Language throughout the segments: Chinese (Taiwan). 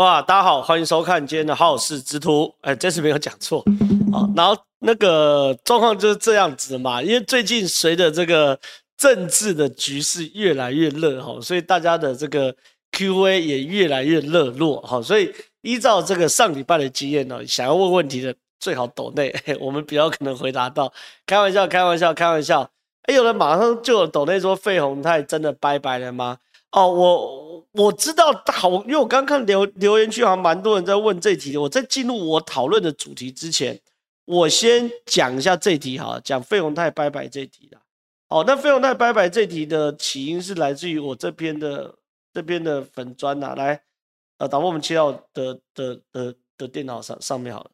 哇，大家好，歡迎收看今天的好事之徒。哎，這次沒有講錯啊。然後那個狀況就是這樣子嘛，因為最近隨着這個政治的局勢越來越熱哈、哦，所以大家的這個 QA 也越來越熱絡哈、哦。所以依照這個上禮拜的經驗呢，想要問問題的最好抖內，我們比較可能回答到。開玩笑，開玩笑，開玩笑。誒，有人馬上就有抖內說，費鴻泰真的拜拜了嗎？哦，我我知道好，因為我剛看留留言區好像蠻多人在問這題的。我在進入我討論的主題之前，我先講一下這題哈，講費鴻泰拜拜這題了。好、哦，那費鴻泰拜拜這題的起因是來自於我這邊的這邊的粉專吶、啊，來，呃、啊，打到我們切到的的的的電腦上上面好了。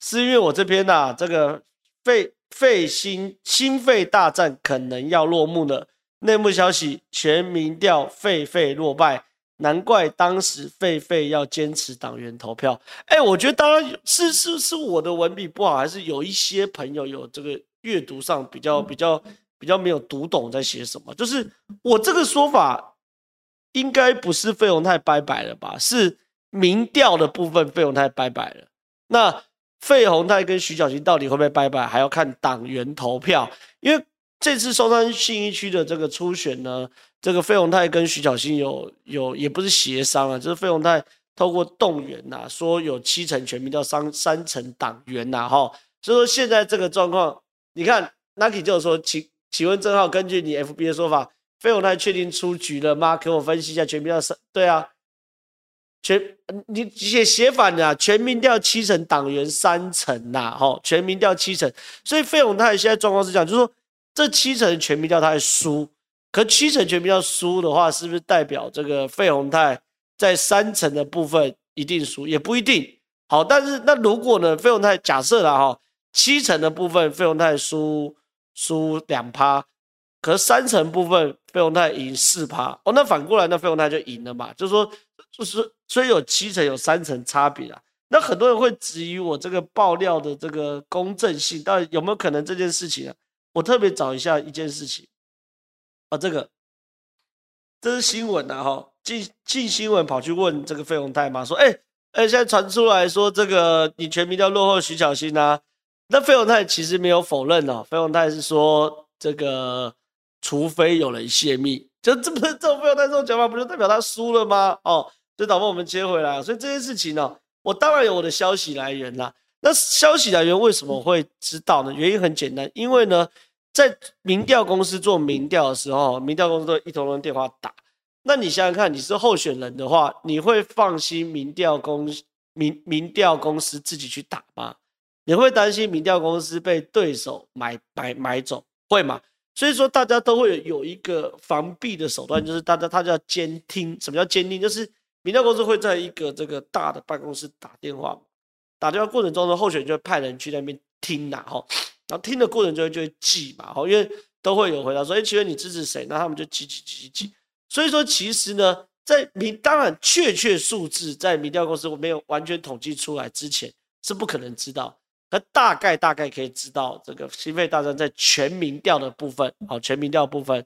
是因為我這邊吶、啊，這個費費芯芯費大戰可能要落幕了。內幕消息，全民調費費落敗，難怪當時費費要堅持黨員投票。哎、欸，我覺得當然是是是我的文筆不好，還是有一些朋友有這個閱讀上比較比較比較沒有讀懂在寫什麼？就是我這個說法應該不是費鴻泰拜拜了吧？是民調的部分費鴻泰拜拜了。那費鴻泰跟徐巧芯到底會不會拜拜，還要看黨員投票，因為。這次松山信義區的這個初選呢，這個費鴻泰跟徐巧芯有有也不是協商啊，就是費鴻泰透過動員吶、啊，說有七成全民調三三成黨員啊。哈，所以說現在這個狀況，你看 Nicky 就有說請請問正皓根據你 FB 的說法，費鴻泰確定出局了嗎？給我分析一下全民調三對啊，全你寫寫反了，全民調七成黨員三成啊。哈，全民調七成，所以費鴻泰現在狀況是這樣，就是說。這七成全民調，他還輸，可，七成全民調輸的話，是不是代表這個費鴻泰在三成的部分一定輸？也不一定。好，但是那如果呢，費鴻泰假設了哈、哦，七成的部分費鴻泰輸輸兩趴，可三成部分費鴻泰贏四趴哦，那反過來那費鴻泰就贏了嘛？就是說，就是所以有七成有三成差別啊。那很多人會質疑我這個爆料的這個公正性，但有沒有可能這件事情啊？我特別找一下一件事情，啊、哦，這個，這是新聞啊。哈、哦，近近新聞跑去問這個費鴻泰嘛，說，哎、欸，哎、欸，現在傳出來說這個你全民調落後徐巧芯啊，那費鴻泰其實沒有否認哦，費鴻泰是說這個除非有人洩密，就這不是，這費鴻泰這種講法不就代表他輸了嗎？哦，所以導播我們接回來，所以這件事情呢、哦，我當然有我的消息來源啦，那消息來源為什麼會知道呢？嗯、原因很簡單，因為呢。在民調公司做民調的時候，民調公司都一通通電話打。那你想想看，你是候選人的話，你會放心民調公民民調公司自己去打嗎？你會擔心民調公司被對手買買買走，會嗎？所以說，大家都會有一個防弊的手段，就是大家他叫監聽。什麼叫監聽？就是民調公司會在一個這個大的辦公室打電話，打電話過程中，候選人就會派人去那邊聽吶，然後然後聽的過程就會就會記嘛，好，因為都會有回答，說，哎、欸，請問你支持誰？那他們就記記記記，記。所以說其實呢，在民當然確切數字在民調公司我沒有完全統計出來之前是不可能知道，可大概大概可以知道這個芯費大戰在全民調的部分，好、哦，全民調部分，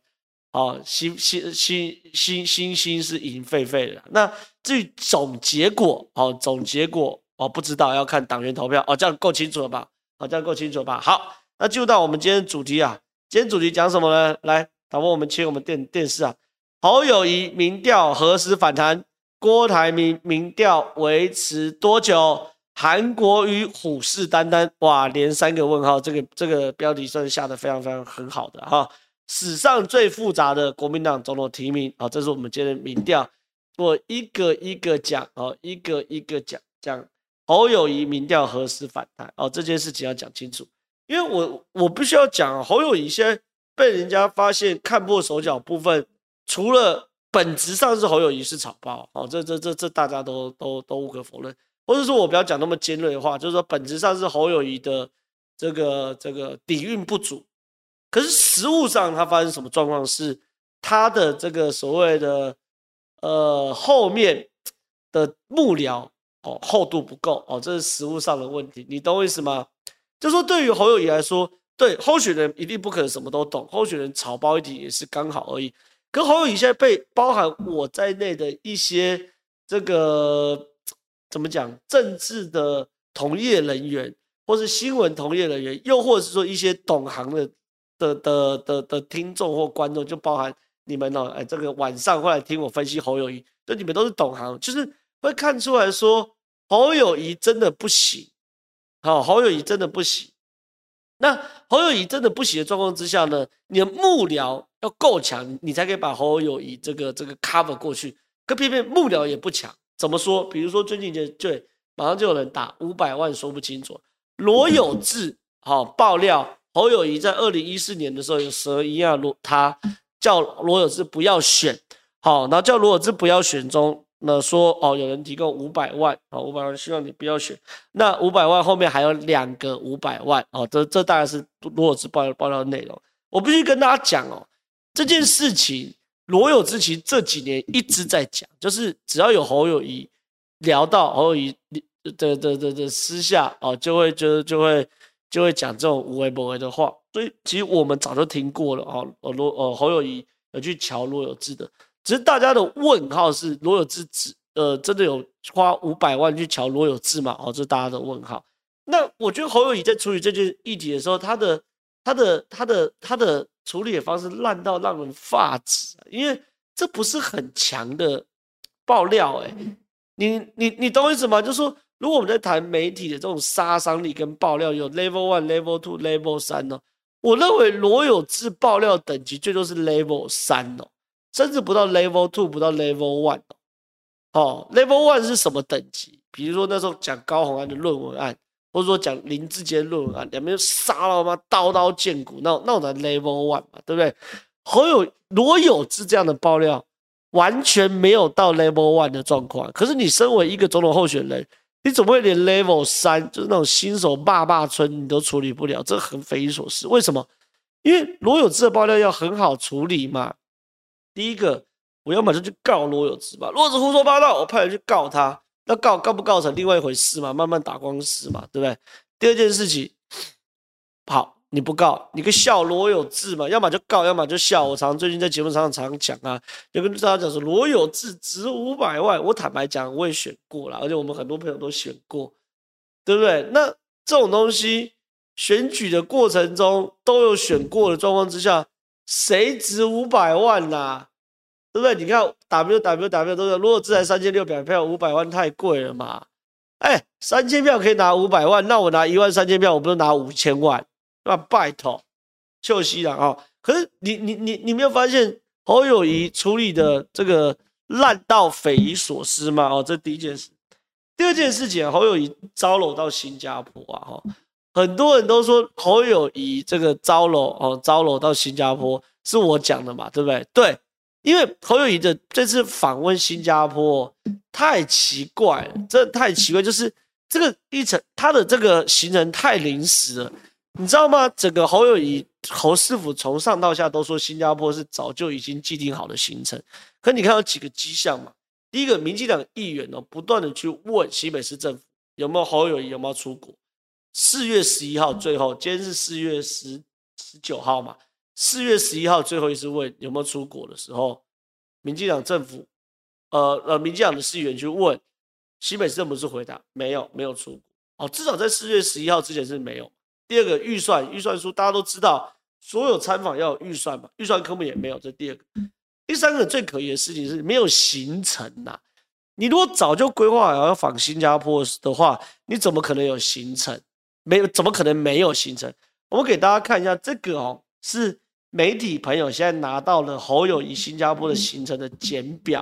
好、哦，芯芯芯芯芯芯是已經費費的。那至於總結果，好、哦，總結果，哦，不知道要看黨員投票，哦，這樣夠清楚了吧？好，這樣夠清楚吧？好，那就到我們今天的主題啊。今天主題講什麼呢？來，導播，我們切我們電電視啊。侯友宜民調何時反彈？郭台銘民調維持多久？韓國瑜虎視眈眈。哇，連三個問號，這個這個標題算是下得非常非常很好的哈。史上最複雜的國民黨總統提名啊、哦，這是我們今天的民調，我一個一個講啊、哦，一個一個講講。這樣侯友宜民調何時反彈？哦，這件事情要講清楚，因為我我必須要講，侯友宜現在被人家發現看破手腳部分，除了本質上是侯友宜是草包哦，這這這這大家都都都無可否認，或者說我不要講那麼尖銳的話，就是說本質上是侯友宜的這個這個底蘊不足，可是實務上他發生什麼狀況是他的這個所謂的呃後面的幕僚。哦，厚度不夠哦，這是實務上的問題，你懂我意思嗎？就說對於侯友宜來說，對候選人一定不可能什麼都懂，候選人草包一定也是剛好而已。可侯友宜現在被包含我在內的一些這個怎麼講？政治的同業人員，或是新聞同業人員，又或者是說一些懂行的的的的的聽眾或觀眾，就包含你們哦，哎，這個晚上會來聽我分析侯友宜，就你們都是懂行，就是。會看出來說侯友宜真的不行，好，侯友宜真的不行。那侯友宜真的不行的狀況之下呢，你的幕僚要夠強，你才可以把侯友宜這個這個 cover 過去。可偏偏幕僚也不強，怎麼說？比如說最近就就馬上就有人打五百萬，說不清楚。羅友志好爆料，侯友宜在二零一四年的時候有蛇一樣他叫羅友志不要選，好、哦，然後叫羅友志不要選中。那、呃、說哦，有人提供五百萬啊，五、哦、百萬希望你不要選。那五百萬後面還有兩個五百萬哦，這這大概是如果是報報道的內容。我必須跟大家講哦，這件事情羅友志其實這幾年一直在講，就是只要有侯友宜聊到侯友宜，的的的的私下啊、哦、就會就就會就會講這種無為不為的話。所以其實我們早就聽過了啊、哦，羅哦、呃，侯友宜有去喬羅友志的。只是大家的問號是羅有志，呃，真的有花五百萬去喬羅有志嗎？哦，這是大家的問號。那我覺得侯友宜在處理這件議題的時候，他的、他的、他的、他的處理的方式爛到讓人髮指。因為這不是很強的爆料、欸，哎，你、你、你懂我意思嗎？就是說，如果我們在談媒體的這種殺傷力跟爆料，有 level one、level two、level 三哦、喔。我認為羅有志爆料等級最多是 level 三哦、喔。甚至不到 level two，不到 level one 哦。level one 是什麼等級？比如說那時候講高虹安的論文案，或者說講林智堅論文案，兩邊就殺了嗎？刀刀見骨，那那種 level one 嘛，對不對？何有羅友志這樣的爆料，完全沒有到 level one 的狀況。可是你身為一個總統候選人，你怎麼會連 level 三，就是那種新手霸霸村，你都處理不了？這很匪夷所思。為什麼？因為羅友志的爆料要很好處理嘛。第一個，我要麼就去告羅有志吧，羅有志胡說八道，我派人去告他。那告告不告成另外一回事嘛，慢慢打官司嘛，對不對？第二件事情，好，你不告，你個笑羅有志嘛，要麼就告，要麼就笑。我常最近在節目上常、常講啊，就跟大家講說羅有志值五百萬，我坦白講我也選過啦，而且我們很多朋友都選過，對不對？那這種東西選舉的過程中都有選過的狀況之下。誰值五百萬吶、啊？對不對？你看，W W W 都是，如果自然三千六百票，五百萬太貴了嘛。哎，三千票可以拿五百萬，那我拿一萬三千票，我不就拿五千萬？那拜托，就息了啊。可是你你你你沒有發現侯友宜處理的這個爛到匪夷所思嗎？哦，這第一件事。第二件事情，侯友宜招惹到新加坡啊，哈、哦。很多人都說侯友宜這個招樓哦，招樓到新加坡是我講的嘛，對不對？對，因為侯友宜的這次訪問新加坡太奇怪了，這太奇怪。就是這個一程他的這個行程太臨時了，你知道嗎？整個侯友宜侯師傅從上到下都說新加坡是早就已經既定好的行程，可你看有幾個跡象嘛？第一個，民進黨議員哦不斷的去問新北市政府有沒有侯友宜、有沒有出國。四月十一號最後，今天是四月十十九號嘛，四月十一號最後一次問有沒有出國的時候，民進黨政府，呃呃，民進黨的市議員去問，新北市政府是回答沒有，沒有出國。哦，至少在四月十一號之前是沒有。第二個預算，預算書大家都知道，所有參訪要有預算嘛？預算科目也沒有，這第二個。第三個最可疑的事情是沒有行程吶。你如果早就規劃好要訪新加坡的話，你怎麼可能有行程？沒怎麼可能沒有行程？我們給大家看一下這個哦，是媒體朋友現在拿到了侯友宜新加坡的行程的簡表，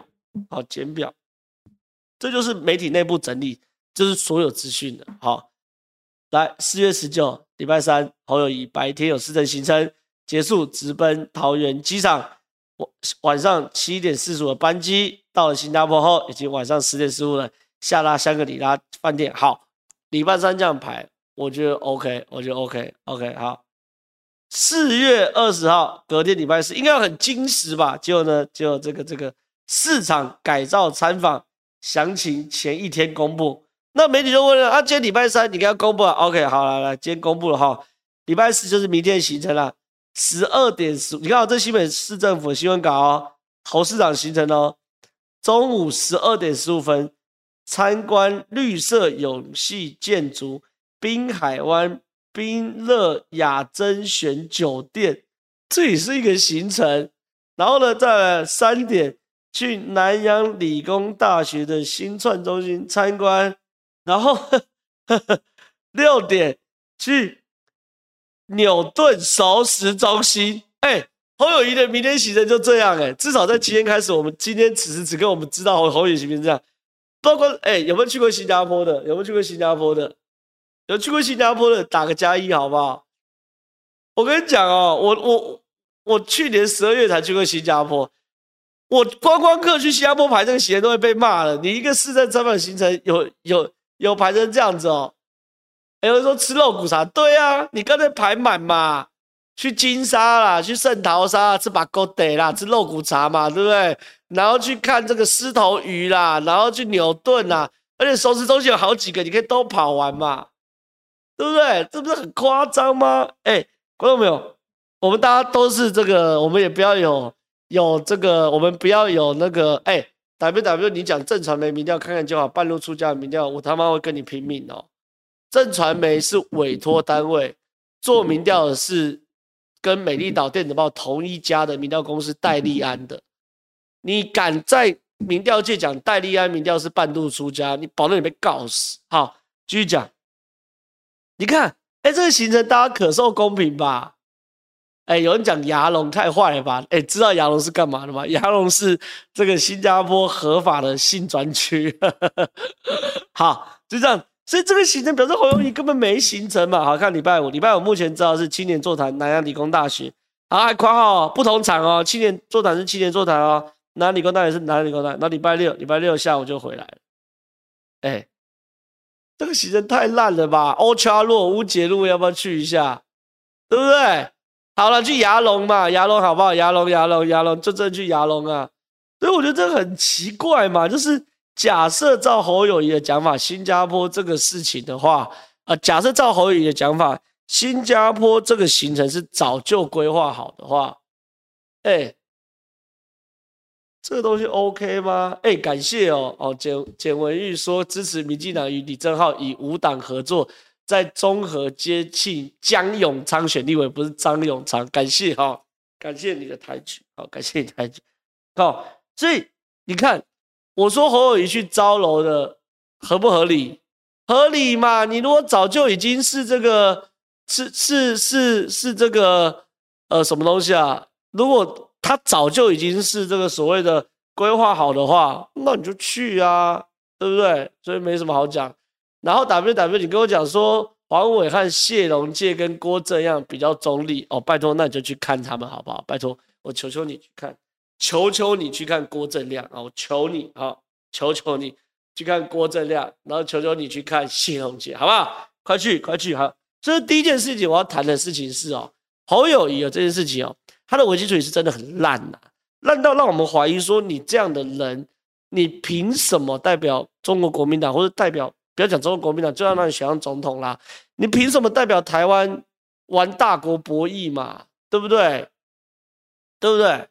好、哦、簡表，這就是媒體內部整理，就是所有資訊的。好、哦，來四月十九禮拜三，侯友宜白天有市政行程，結束直奔桃園機場，晚晚上七點四十五的班機到了新加坡後，以及晚上十點十五的下拉香格里拉飯店。好，禮拜三這樣排。我覺得 OK，我覺得 OK，OK、OK, OK, 好。四月二十號，隔天禮拜四應該很矜持吧？就呢，就這個這個市場改造參訪詳情前一天公布。那媒體就問了：啊，今天禮拜三，你該要公布啊？OK，好來來，今天公布了哈。禮拜四就是明天的行程了、啊，十二點十五，你看這新北市政府新聞稿哦，侯市長行程哦，中午十二點十五分參觀綠色永續建築。濱海灣賓樂雅臻選酒店，這也是一個行程。然後呢，在三點去南洋理工大學的新創中心參觀，然後呵呵六點去紐頓熟食中心。哎、欸，侯友宜的明天行程就這樣、欸。哎，至少在今天開始，我們今天此時此刻我們知道侯侯友宜行，行這樣。包括哎，有沒有去過新加坡的？有沒有去過新加坡的？有去過新加坡的打個加一好不好？我跟你講哦、喔，我我我去年十二月才去過新加坡，我觀光客，去新加坡排這個時間，都會被罵了。你一個四日三晚行程有有有排成這樣子哦、喔，有、欸、人說吃肉骨茶，對啊，你剛才排滿嘛，去金沙啦，去聖淘沙啦，吃把狗逮啦，吃肉骨茶嘛，對不對？然後去看這個獅頭魚啦，然後去牛頓啦。而且熟食中心有好幾個,你可以都跑完嘛。對不對？這不是很誇張嗎？哎，觀眾朋友，我們大家都是這個，我們也不要有有這個，我們不要有那個。哎，W W，你講震傳媒民調看看就好，半路出家的民調，我他媽會跟你拼命哦。震傳媒是委托單位做民調的，是跟美麗島電子報同一家的民調公司戴立安的，你敢在民調界講戴立安民調是半路出家，你保證你被告死。好，繼續講。你看，哎，這個行程大家可受公平吧？哎，有人講牙龍太壞了吧？哎，知道牙龍是幹嘛的嗎？牙龍是這個新加坡合法的性專區。 好，就這樣。所以這個行程表示侯友宜根本沒行程嘛。好，看禮拜五，禮拜五目前知道是青年座談，南洋理工大學。好，還括號、哦、不同場哦，青年座談是青年座談哦，南洋理工大學是南洋理工大學。大那禮拜六，禮拜六下午就回來了。哎。這個行程太爛了吧！歐查洛烏節路，要不要去一下？對不對？好了，去牙龍嘛，牙龍好不好？牙龍、牙龍、牙龍，就真去牙龍啊！所以我覺得這個很奇怪嘛，就是假設照侯友宜的講法，新加坡這個事情的話，啊、呃，假設照侯友宜的講法，新加坡這個行程是早就規劃好的話，哎。這個東西 OK 嗎？哎，感謝哦哦，簡簡文玉說支持民進黨與李正皓以無黨合作，在中和接替江永昌選立委，不是張永昌。感謝哈、哦，感謝你的抬舉，好、哦，感謝你的抬舉。好、哦，所以你看，我說侯友宜去招樓的合不合理？合理嘛？你如果早就已經是這個，是是是是這個呃什麼東西啊？如果。他早就已經是這個所謂的規劃好的話，那你就去啊，對不對？所以沒什麼好講。然後打 w 打你跟我講說，黃暐瀚謝龍介跟郭正亮比較中立哦，拜托，那你就去看他們好不好？拜托，我求求你去看，求求你去看郭正亮啊、哦，我求你啊、哦，求求你去看郭正亮，然後求求你去看謝龍介，好不好？快去，快去，哈。這是第一件事情我要談的事情是哦，侯友宜哦，這件事情哦。他的危機處理是真的很爛吶、啊，爛到讓我們懷疑說，你這樣的人，你憑什麼代表中國國民黨或者代表，不要講中國國民黨，就要讓你選上總統啦？你憑什麼代表台灣玩大國博弈嘛？對不對？對不對？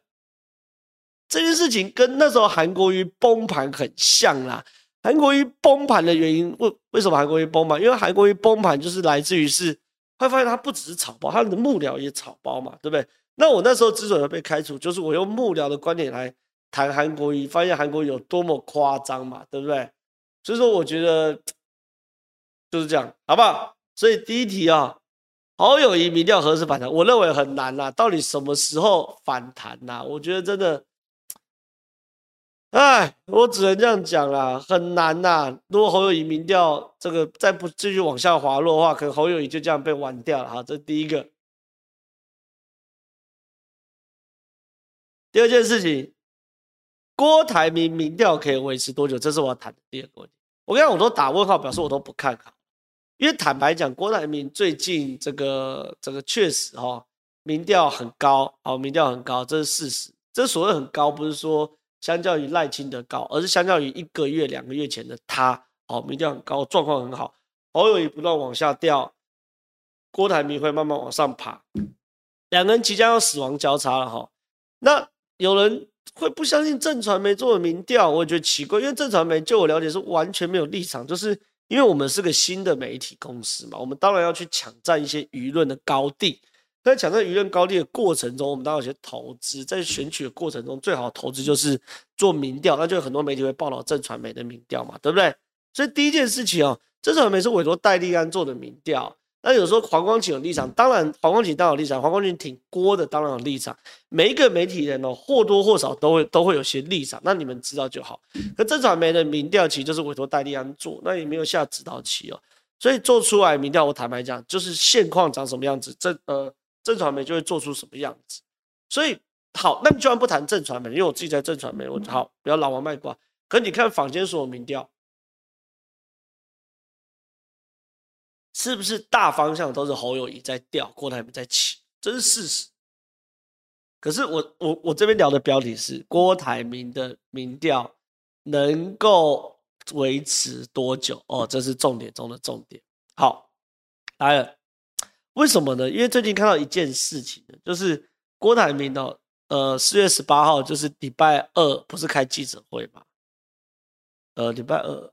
這件事情跟那時候韓國瑜崩盤很像啦。韓國瑜崩盤的原因為為什麼韓國瑜崩盤？因為韓國瑜崩盤就是來自於是，會發現他不只是草包，他的幕僚也草包嘛，對不對？那我那時候之所以被開除，就是我用幕僚的觀點來談韓國瑜，發現韓國瑜有多麼誇張嘛，對不對？所以說我覺得就是這樣，好不好？所以第一題啊、哦，侯友宜民調何時反彈？我認為很難吶、啊，到底什麼時候反彈吶、啊？我覺得真的，哎，我只能這樣講啦，很難吶、啊。如果侯友宜民調這個再不繼續往下滑落的話，可能侯友宜就這樣被玩掉了。好，這是第一個。第二件事情，郭台銘民調可以維持多久？這是我要談的第二個問題。我跟你講我都打問號，表示我都不看好。因為坦白講，郭台銘最近這個這個確實哈，民調很高，好，民調很高，這是事實。這所謂很高，不是說相較於賴清德高，而是相較於一個月、兩個月前的他，哦，民調很高，狀況很好。侯友宜不斷往下掉，郭台銘會慢慢往上爬，兩個人即將要死亡交叉了哈。那有人會不相信震傳媒做的民調，我也覺得奇怪，因為震傳媒就我了解，是完全沒有立場，就是因為我們是個新的媒體公司嘛，我們當然要去搶佔一些輿論的高地。在搶佔輿論高地的過程中，我們當然有些投資，在選舉的過程中最好的投資就是做民調，那就有很多媒體會報道震傳媒的民調嘛，對不對？所以第一件事情哦，震傳媒是委託戴立安做的民調。那有時候黃光芹有立場，當然黃光芹當然有立場，黃光芹挺郭的，當然有立場。每一個媒體人哦，或多或少都會都會有些立場，那你們知道就好。可震傳媒的民調其實就是委托戴立安做，那也沒有下指導棋哦，所以做出來民調，我坦白講，就是現況長什麼樣子，震呃震傳媒就會做出什麼樣子。所以好，那你居然不談震傳媒，因為我自己在震傳媒，我好，不要老王賣瓜，可你看坊間所有民調。是不是大方向都是侯友宜在掉，郭台銘在起，這是事實。可是我我我這邊聊的標題是郭台銘的民調能夠維持多久？哦，這是重點中的重點。好，來了，為什麼呢？因為最近看到一件事情就是郭台銘哦，呃，四月十八號就是禮拜二，不是開記者會嗎？呃，禮拜二，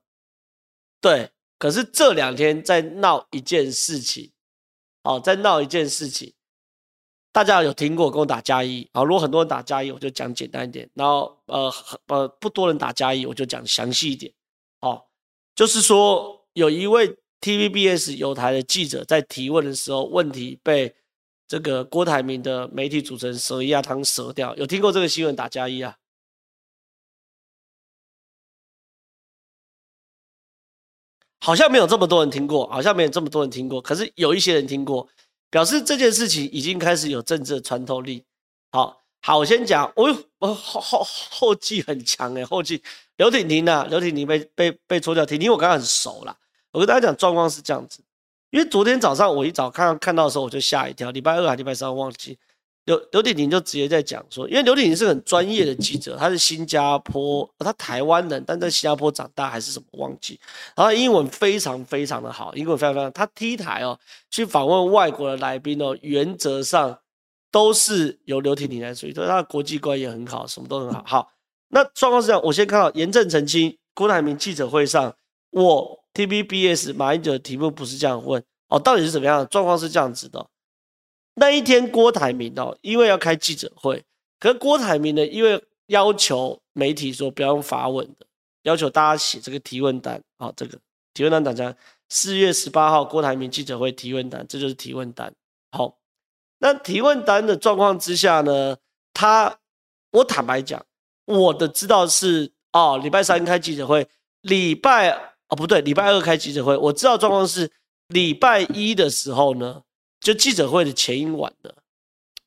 對。可是這兩天在鬧一件事情，哦，在鬧一件事情，大家有聽過跟我打加一啊、哦？如果很多人打加一，我就講簡單一點；然後呃呃不多人打加一，我就講詳細一點。哦。就是說有一位 TVBS 友台的記者在提問的時候，問題被這個郭台銘的媒體主持人舌一壓湯舌掉，有聽過這個新聞打加一啊？好像沒有這麼多人聽過，好像沒有這麼多人聽過，可是有一些人聽過，表示這件事情已經開始有政治的穿透力。好好，我先講，我後後後繼很強哎，後繼劉婷婷啊，劉婷婷被被被抽掉，婷婷我剛剛很熟啦，我跟大家講狀況是這樣子，因為昨天早上我一早看看到的時候，我就嚇一跳，禮拜二還禮拜三忘記。劉劉婷婷就直接在講說，因為劉婷婷是很專業的記者，她是新加坡，哦、她台灣人，但在新加坡長大還是什麼忘記。然後英文非常非常的好，英文非常非常好。他 T 台哦，去訪問外國的來賓哦，原則上都是由劉婷婷來處理，所以他的國際觀也很好，什麼都很好。好，那狀況是這樣，我先看到嚴正澄清，郭台銘記者會上，我 TVBS 馬英九的題目不是這樣問哦，到底是怎麼樣？狀況是這樣子的、哦。那一天，郭台銘哦，因為要開記者會，可郭台銘呢，因為要求媒體說不要用發問的，要求大家寫這個提問單啊、哦，這個提問單長這樣，四月十八號，郭台銘記者會提問單，這就是提問單。好、哦，那提問單的狀況之下呢，他，我坦白講，我的知道的是哦，禮拜三開記者會，禮拜哦不對，禮拜二開記者會，我知道狀況是禮拜一的時候呢。就記者會的前一晚的，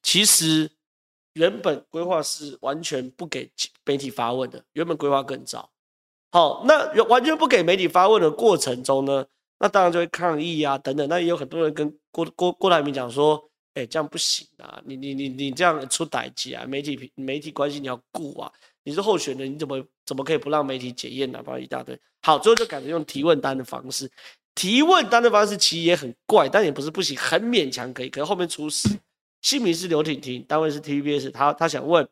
其實原本規劃是完全不給媒體發問的，原本規劃更早。好，那完全不給媒體發問的過程中呢，那當然就會抗議啊，等等。那也有很多人跟郭郭郭台銘講說，哎、欸，這樣不行啊，你你你你這樣出代誌啊，媒體媒體關係你要顧啊，你是候選人，你怎麼怎麼可以不讓媒體檢驗啊？反正一大堆。好，最後就改成用提問單的方式。提問單的方式其實也很怪，但也不是不行，很勉強可以。可是後面出事，姓名是劉婷婷，單位是 TVBS，她她想問，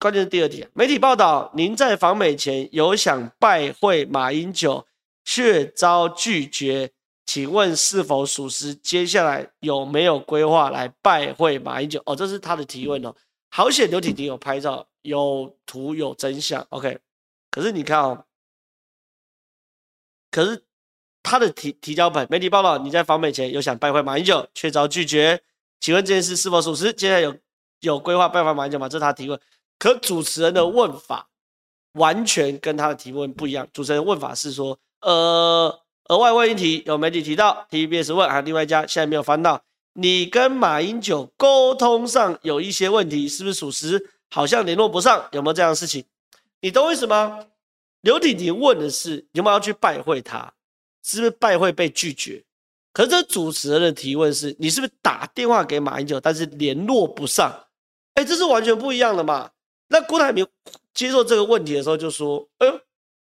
關鍵是第二題，媒體報道，您在訪美前有想拜會馬英九，卻遭拒，拒絕，請問是否屬實？接下來有沒有規劃來拜會馬英九？哦，這是他的提問哦，好險，劉婷婷有拍照，有圖，有真相。OK，可是你看哦，可是。他的提提交本，媒體報道你在訪美前有想拜會馬英九，卻遭拒絕。請問這件事是否屬實？接下來有有規劃拜訪馬英九嗎？這是他提問。可主持人的問法完全跟他的提問不一樣。主持人的問法是說：呃，額外問一題，有媒體提到 TVBS 問，還有另外一家，現在沒有翻到。你跟馬英九溝通上有一些問題，是不是屬實？好像聯絡不上，有沒有這樣的事情？你懂為什麼？劉婷婷問的是有沒有要去拜會他。是不是拜會被拒絕？可是這主持人的提問是：你是不是打電話給馬英九，但是聯絡不上？哎，這是完全不一樣的嘛。那郭台銘接受這個問題的時候就說：哎呦，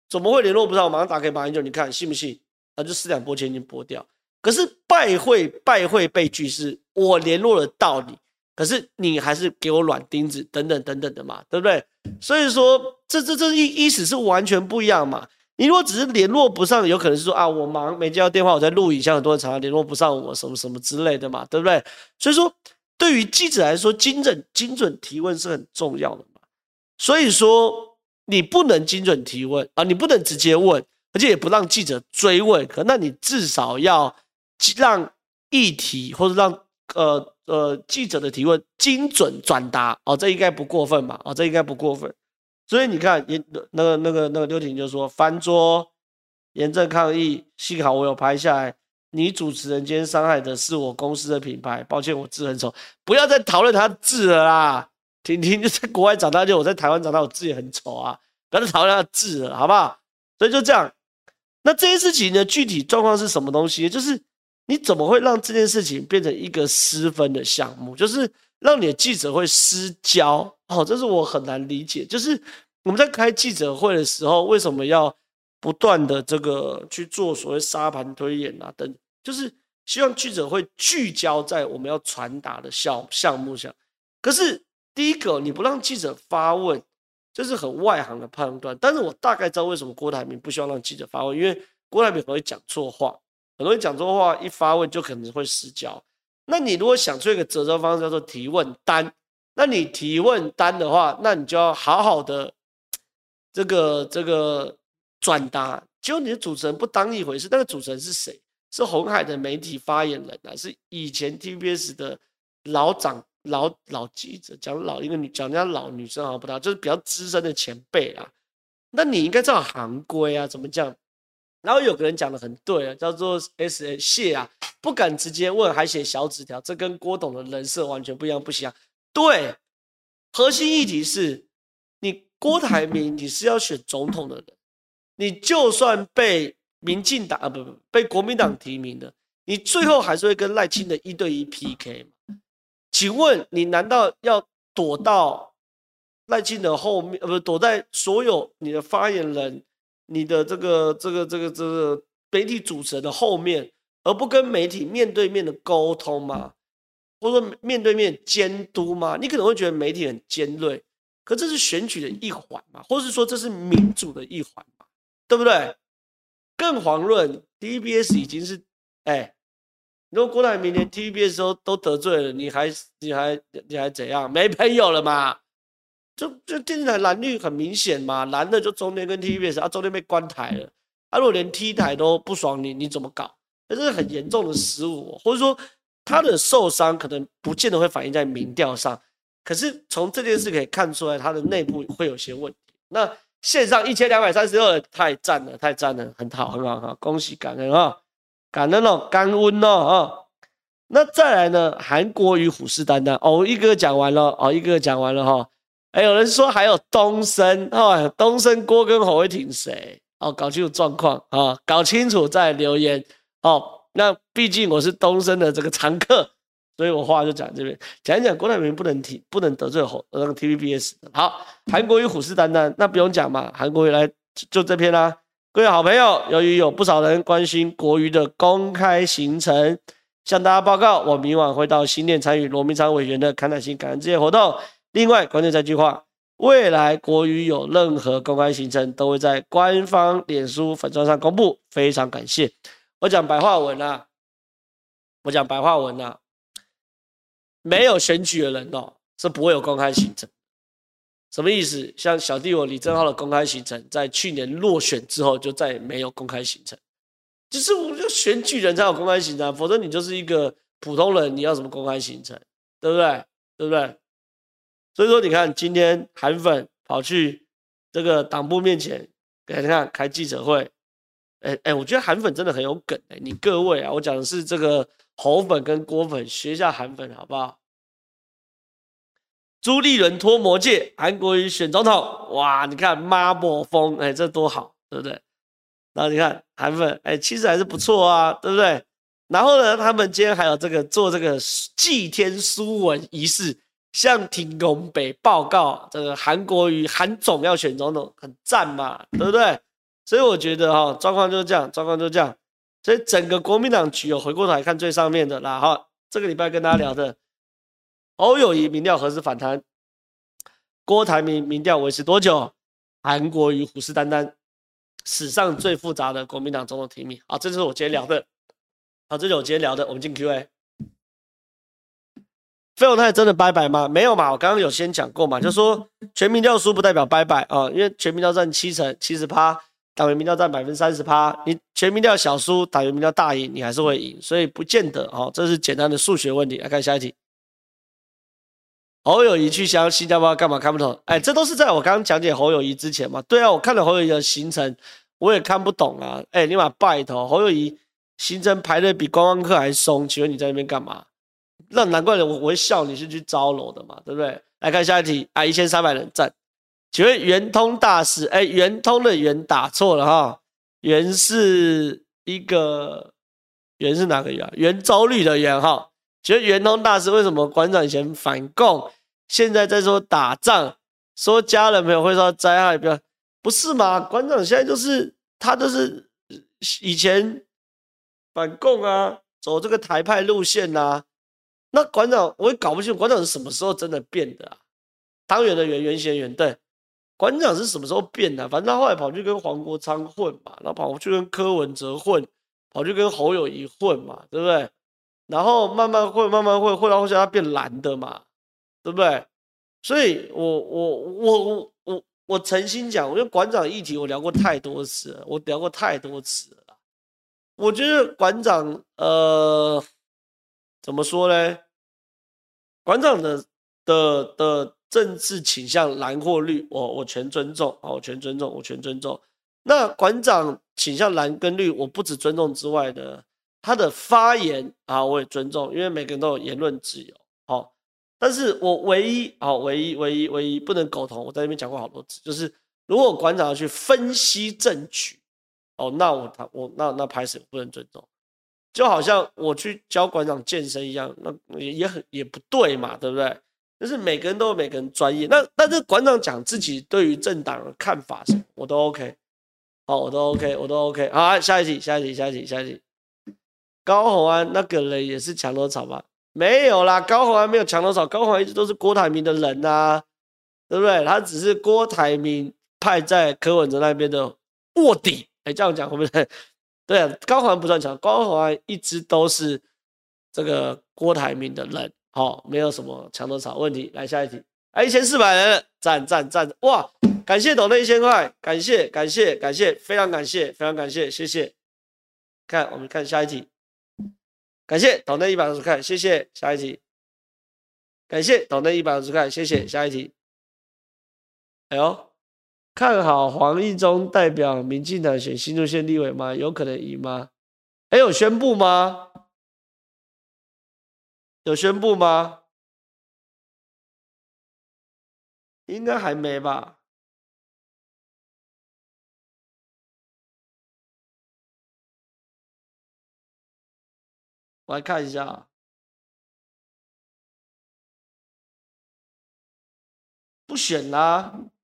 怎麼會聯絡不上？我馬上打給馬英九，你看信不信？他，啊，就四兩撥千斤撥掉。可是拜會拜會被拒絕是，我聯絡了到你，可是你還是給我軟釘子等等等等的嘛，對不對？所以說，這這這意意思是完全不一樣嘛。你如果只是聯絡不上，有可能是說啊，我忙沒接到電話，我在錄影，像很多人常常聯絡不上我，什麼什麼之類的嘛，對不對？所以說，對於記者來說，精準、精準提問是很重要的嘛。所以說，你不能精準提問啊，你不能直接問，而且也不讓記者追問。可那你至少要讓議題或者讓呃呃記者的提問精準轉達哦，這應該不過分吧？啊、哦，這應該不過分。所以你看，那個、那個、那個劉婷就說翻桌，嚴正抗議。幸好我有拍下來。你主持人今天傷害的是我公司的品牌，抱歉，我字很醜，不要再討論他字了啦。婷婷就在國外長大，就我在台灣長大，我字也很醜啊，不要再討論他字了，好不好？所以就這樣。那這件事情的具體狀況是什麼東西？就是你怎麼會讓這件事情變成一個失分的項目？就是。讓你的記者會失焦，哦，這是我很難理解。就是我們在開記者會的時候，為什麼要不斷的這個去做所謂沙盤推演啊？等，就是希望記者會聚焦在我們要傳達的小項目上。可是第一個，你不讓記者發問，這是很外行的判斷。但是我大概知道為什麼郭台銘不希望讓記者發問，因為郭台銘很容易講錯話，很容易講錯話，一發問就可能會失焦。那你如果想出一個折中方式，叫做提問單。那你提問單的話，那你就要好好的這個這個轉達。就你的主持人不當一回事。那個主持人是誰？是鴻海的媒體發言人啊，是以前 TBS 的老長老老記者，講老一個女講人家老女生好不大，就是比較資深的前輩啊。那你應該知道行規啊，怎麼講？然後有個人講得很對啊，叫做 S A 謝啊，不敢直接問，還寫小紙條，這跟郭董的人設完全不一樣，不行啊。對，核心議題是你郭台銘，你是要選總統的人，你就算被民進黨啊，不不，被國民黨提名的，你最後還是會跟賴清德一對一 PK。請問，你難道要躲到賴清德後面，呃，啊，不，躲在所有你的發言人，你的這個這個這個這個媒體主持人的後面，而不跟媒體面對面的溝通嗎？或者說面對面監督嗎？你可能會覺得媒體很尖銳，可這是選舉的一環嘛，或是說這是民主的一環嘛，對不對？更遑論 TBS 已經是，哎，如果郭台銘連 TBS 都都得罪了，你還你還你還怎樣？沒朋友了嗎？就就電視台藍綠很明顯嘛，藍的就中天跟 TVBS，啊中天被關台了，啊如果連 T 台都不爽你你怎麼搞？這是很嚴重的失誤，或者說他的受傷可能不見得會反映在民調上，可是從這件事可以看出來他的內部會有些問題。那線上一千兩百三十二，太讚了，太讚了，很好很好哈，恭喜感恩啊、哦，感恩哦，感恩哦，哦那再來呢，韓國瑜虎視眈眈，哦一個講完了哦，一個講完了哈。哦有人說還有東森啊、哦，東森郭跟侯會挺誰？哦，搞清楚狀況啊、哦，搞清楚再留言哦。那畢竟我是東森的這個常客，所以我話就講這邊講一講。郭台銘不能挺，不能得罪侯那個 T V B S。呃、BS，好，韓國瑜虎視眈眈，那不用講嘛，韓國瑜來就，就這篇啦、啊。各位好朋友，由於有不少人關心國瑜的公開行程，向大家報告，我明晚會到新店參與羅明昌委員的康乃馨感恩之夜活動。另外，關鍵這句話：未來國瑜有任何公開行程，都會在官方臉書粉專上公布。非常感謝。我講白話文啊，我講白話文啊，沒有選舉的人哦，是不會有公開行程。什麼意思？像小弟我李正皓的公開行程，在去年落選之後，就再也沒有公開行程。就是，我們要選舉人才有公開行程，否則你就是一個普通人，你要什麼公開行程？對不對？對不對？所以說，你看今天韓粉跑去這個黨部面前給大家看開記者會，哎、欸、哎、欸，我覺得韓粉真的很有梗、欸。哎，你各位啊，我講的是這個侯粉跟郭粉學一下韓粉好不好？朱立倫脫魔戒，韓國瑜選總統，哇，你看媽寶風，哎、欸，這多好，對不對？然後你看韓粉，哎、欸，其實還是不錯啊，對不對？然後呢，他們今天還有這個做這個祭天疏文儀式。向停工北報告，這個韓國瑜韓總要選總統，很贊嘛，對不對？所以我覺得哈、哦，狀況就是這樣，狀況就是這樣。所以整個國民黨局，有回過頭來看最上面的啦哈。這個禮拜跟大家聊的，侯友宜民調何時反彈？郭台銘民,民調維持多久？韓國瑜虎視眈眈，史上最複雜的國民黨總統提名。好，這就是我今天聊的。好，這就是我今天聊的，我們進 Q&A。費鴻泰真的拜拜嗎？沒有嘛，我剛剛有先講過嘛，就是、說全民調輸不代表拜拜啊、呃，因為全民調占七成七十趴，黨員民調占百分之三十趴，你全民調小輸，黨員民調大贏，你還是會贏，所以不見得哦，這是簡單的數學問題。來看下一題，侯友宜去香新加坡幹嘛？看不懂，哎、欸，這都是在我剛講解侯友宜之前嘛？對啊，我看了侯友宜的行程，我也看不懂啊，哎、欸，你媽拜托，侯友宜行程排的比觀光客還鬆，請問你在那邊幹嘛？那難怪了，我我會笑你是去招樓的嘛，對不對？來看下一題啊，一千三百人讚，請問圓通大師？哎、欸，圓通的圓打錯了哈，圓是一個圓是哪個圓？圓周率的圓哈？請問圓通大師，為什麼館長以前反共，現在在說打仗，說家人朋友會說災害，不要，不是嘛，館長現在就是他，就是以前反共啊，走這個台派路線吶、啊。那館長我也搞不清楚，館長是什麼時候真的變的啊？湯圓的圓，原先圓對，館長是什麼時候變的、啊？反正他後來跑去跟黃國昌混嘛，然後跑去跟柯文哲混，跑去跟侯友宜混嘛，對不對？然後慢慢混，慢慢混，混到後來他變藍的嘛，對不對？所以我，我我我我我我誠心講，我覺得館長議題我聊過太多次了，我聊過太多次了。我覺得館長，呃。怎麼說呢？館長的的的政治傾向藍或綠，我我全尊重。好，我全尊重，我全尊重。那館長傾向藍跟綠，我不止尊重之外的，他的發言啊，我也尊重，因為每個人都有言論自由。好，但是我唯一啊，唯一唯一唯一，唯一不能苟同，我在那邊講過好多次，就是如果館長要去分析證據，哦，那我他我那那拍攝不，不能尊重。就好像我去教館長健身一樣，那也也很也不對嘛，對不對？就是每個人都有每個人專業。那那這館長講自己對於政黨的看法是，我都 OK。好、哦，我都 OK，我都 OK。好，下一集、下一集、下一集、下一集。高虹安那個人也是牆頭草吧？沒有啦，高虹安沒有牆頭草，高虹安一直都是郭台銘的人吶、啊，對不對？他只是郭台銘派在柯文哲那邊的臥底。哎、欸，這樣講對不對？對啊，高環不算強，高環一直都是這個郭台銘的人，好、哦，沒有什麼牆頭草問題。來下一題，哎，一千四百人，讚讚讚、讚，哇，感謝抖內一千塊，感謝感謝感謝，非常感謝非常感謝，謝謝。看我們看下一題，感謝抖內一百五十塊，謝謝。下一題，感謝抖內一百五十塊，謝謝。下一題，哎呦。看好黃義中代表民進黨選新竹縣立委嗎？有可能贏嗎？欸？有宣布嗎？有宣布嗎？應該還沒吧。我來看一下，啊，不選啦，啊。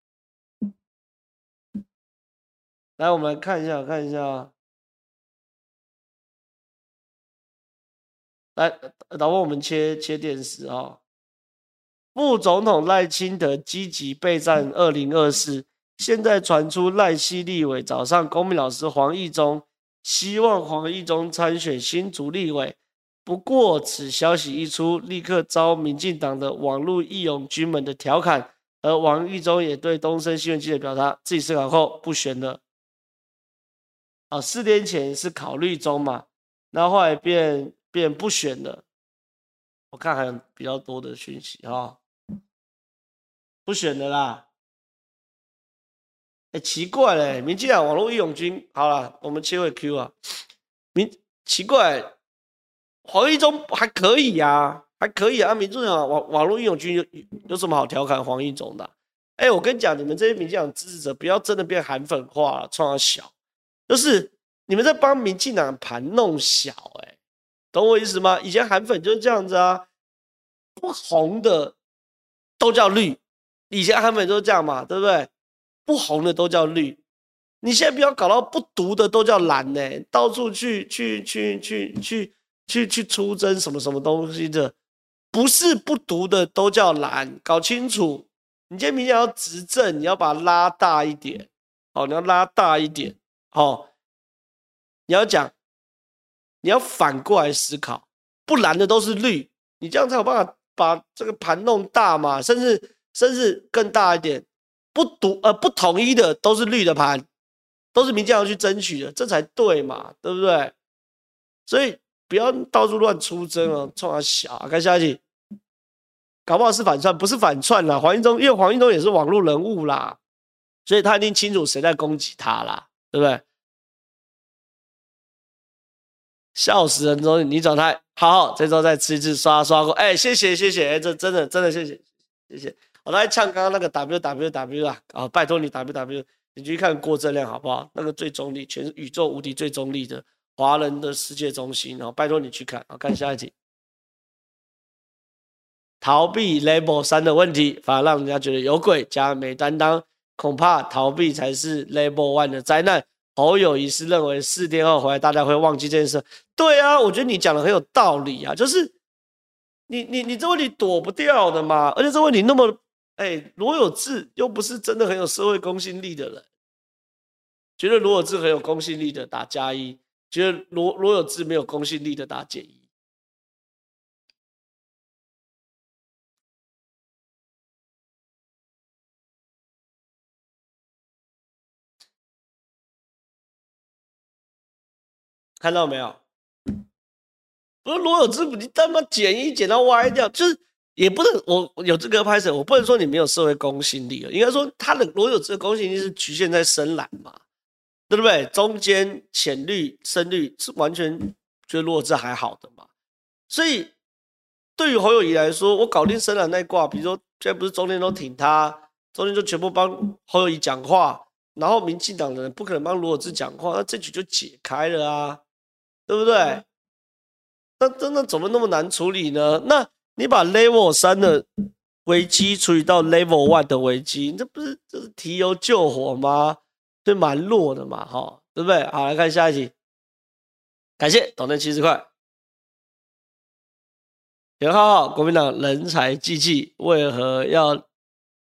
來，我們來看一下，看一下。來，導播，我們切切電視啊、哦。副總統賴清德積極備戰二零二四，現在傳出賴系立委早上公民老師黃毅中希望黃毅中參選新竹立委，不過此消息一出，立刻遭民進黨的網絡義勇軍們的調侃，而王毅中也對東森新聞記者表達自己思考後不選了。哦、四天前是考慮中嘛，那後，後來變變不選的，我看還有比較多的訊息哈、哦，不選的啦。哎，奇怪嘞，民進黨網絡義勇軍，好了，我們切回 Q 啊。民奇怪，黃益中還可以呀、啊，還可以啊。民進黨網網絡義勇軍有，有什麼好調侃黃益中的、啊？哎，我跟你講，你們這些民進黨支持者，不要真的變韓粉化了，創小。就是你們在幫民進黨盤弄小哎、欸，懂我意思嗎？以前韓粉就是這樣子啊，不紅的都叫綠，以前韓粉都這樣嘛，對不對？不紅的都叫綠，你現在不要搞到不獨的都叫藍呢、欸，到處去去去去去去去,去出征什麼什麼東西的，不是不獨的都叫藍，搞清楚。你今天明天要執政，你要把它拉大一點，好，你要拉大一點。哦，你要講，你要反過來思考，不然的都是綠，你這樣才有辦法把這個盤弄大嘛，甚至甚至更大一點，不獨呃不統一的都是綠的盤，都是民進黨要去爭取的，這才對嘛，對不對？所以不要到處亂出征、哦、他啊，衝啊小，看下去，搞不好是反串，不是反串啦，黃金東，因為黃金東也是網絡人物啦，所以他一定清楚誰在攻擊他啦。對不對？笑死人中，你找他好,好，這周再吃一次刷刷過。哎，謝謝謝謝，這真的真的謝謝謝謝。我來唱剛剛那個 www 啊啊、哦，拜托你 www，你去看郭正亮好不好？那個最中立，全宇宙無敵最中立的華人的世界中心，然、哦、後拜托你去看。好、哦、看下一題，逃避 label 三的問題，反而讓人家覺得有鬼加沒擔當。恐怕逃避才是 Level One 的災難。侯友宜是認為四天後回來，大家會忘記這件事。對啊，我覺得你講的很有道理啊，就是你你你這問題躲不掉的嘛。而且這問題那麼，哎、欸，羅有志又不是真的很有社會公信力的人。覺得羅有志很有公信力的打加一，1，覺得羅羅有志沒有公信力的打減一。看到沒有？不是羅友志，你他媽，剪一剪到歪掉，就是也不是我有資格拍攝，我不能說你沒有社會公信力了，應該說他的羅友志的公信力是局限在深藍嘛，對不對？中間淺綠、深綠是完全覺得羅友志還好的嘛。所以對於侯友宜來說，我搞定深藍那一掛，比如說現在不是中間都挺他，中間就全部幫侯友宜講話，然後民進黨的人不可能幫羅友志講話，那這局就解開了啊。對不對？那、那、那怎麼那麼難處理呢？那你把 Level 三的危機處理到 Level One 的危機，你這不是這是提油救火嗎？這蠻弱的嘛，哈，對不對？好，來看下一題。感謝懂得七十塊。劉浩浩，國民黨人才濟濟，為何要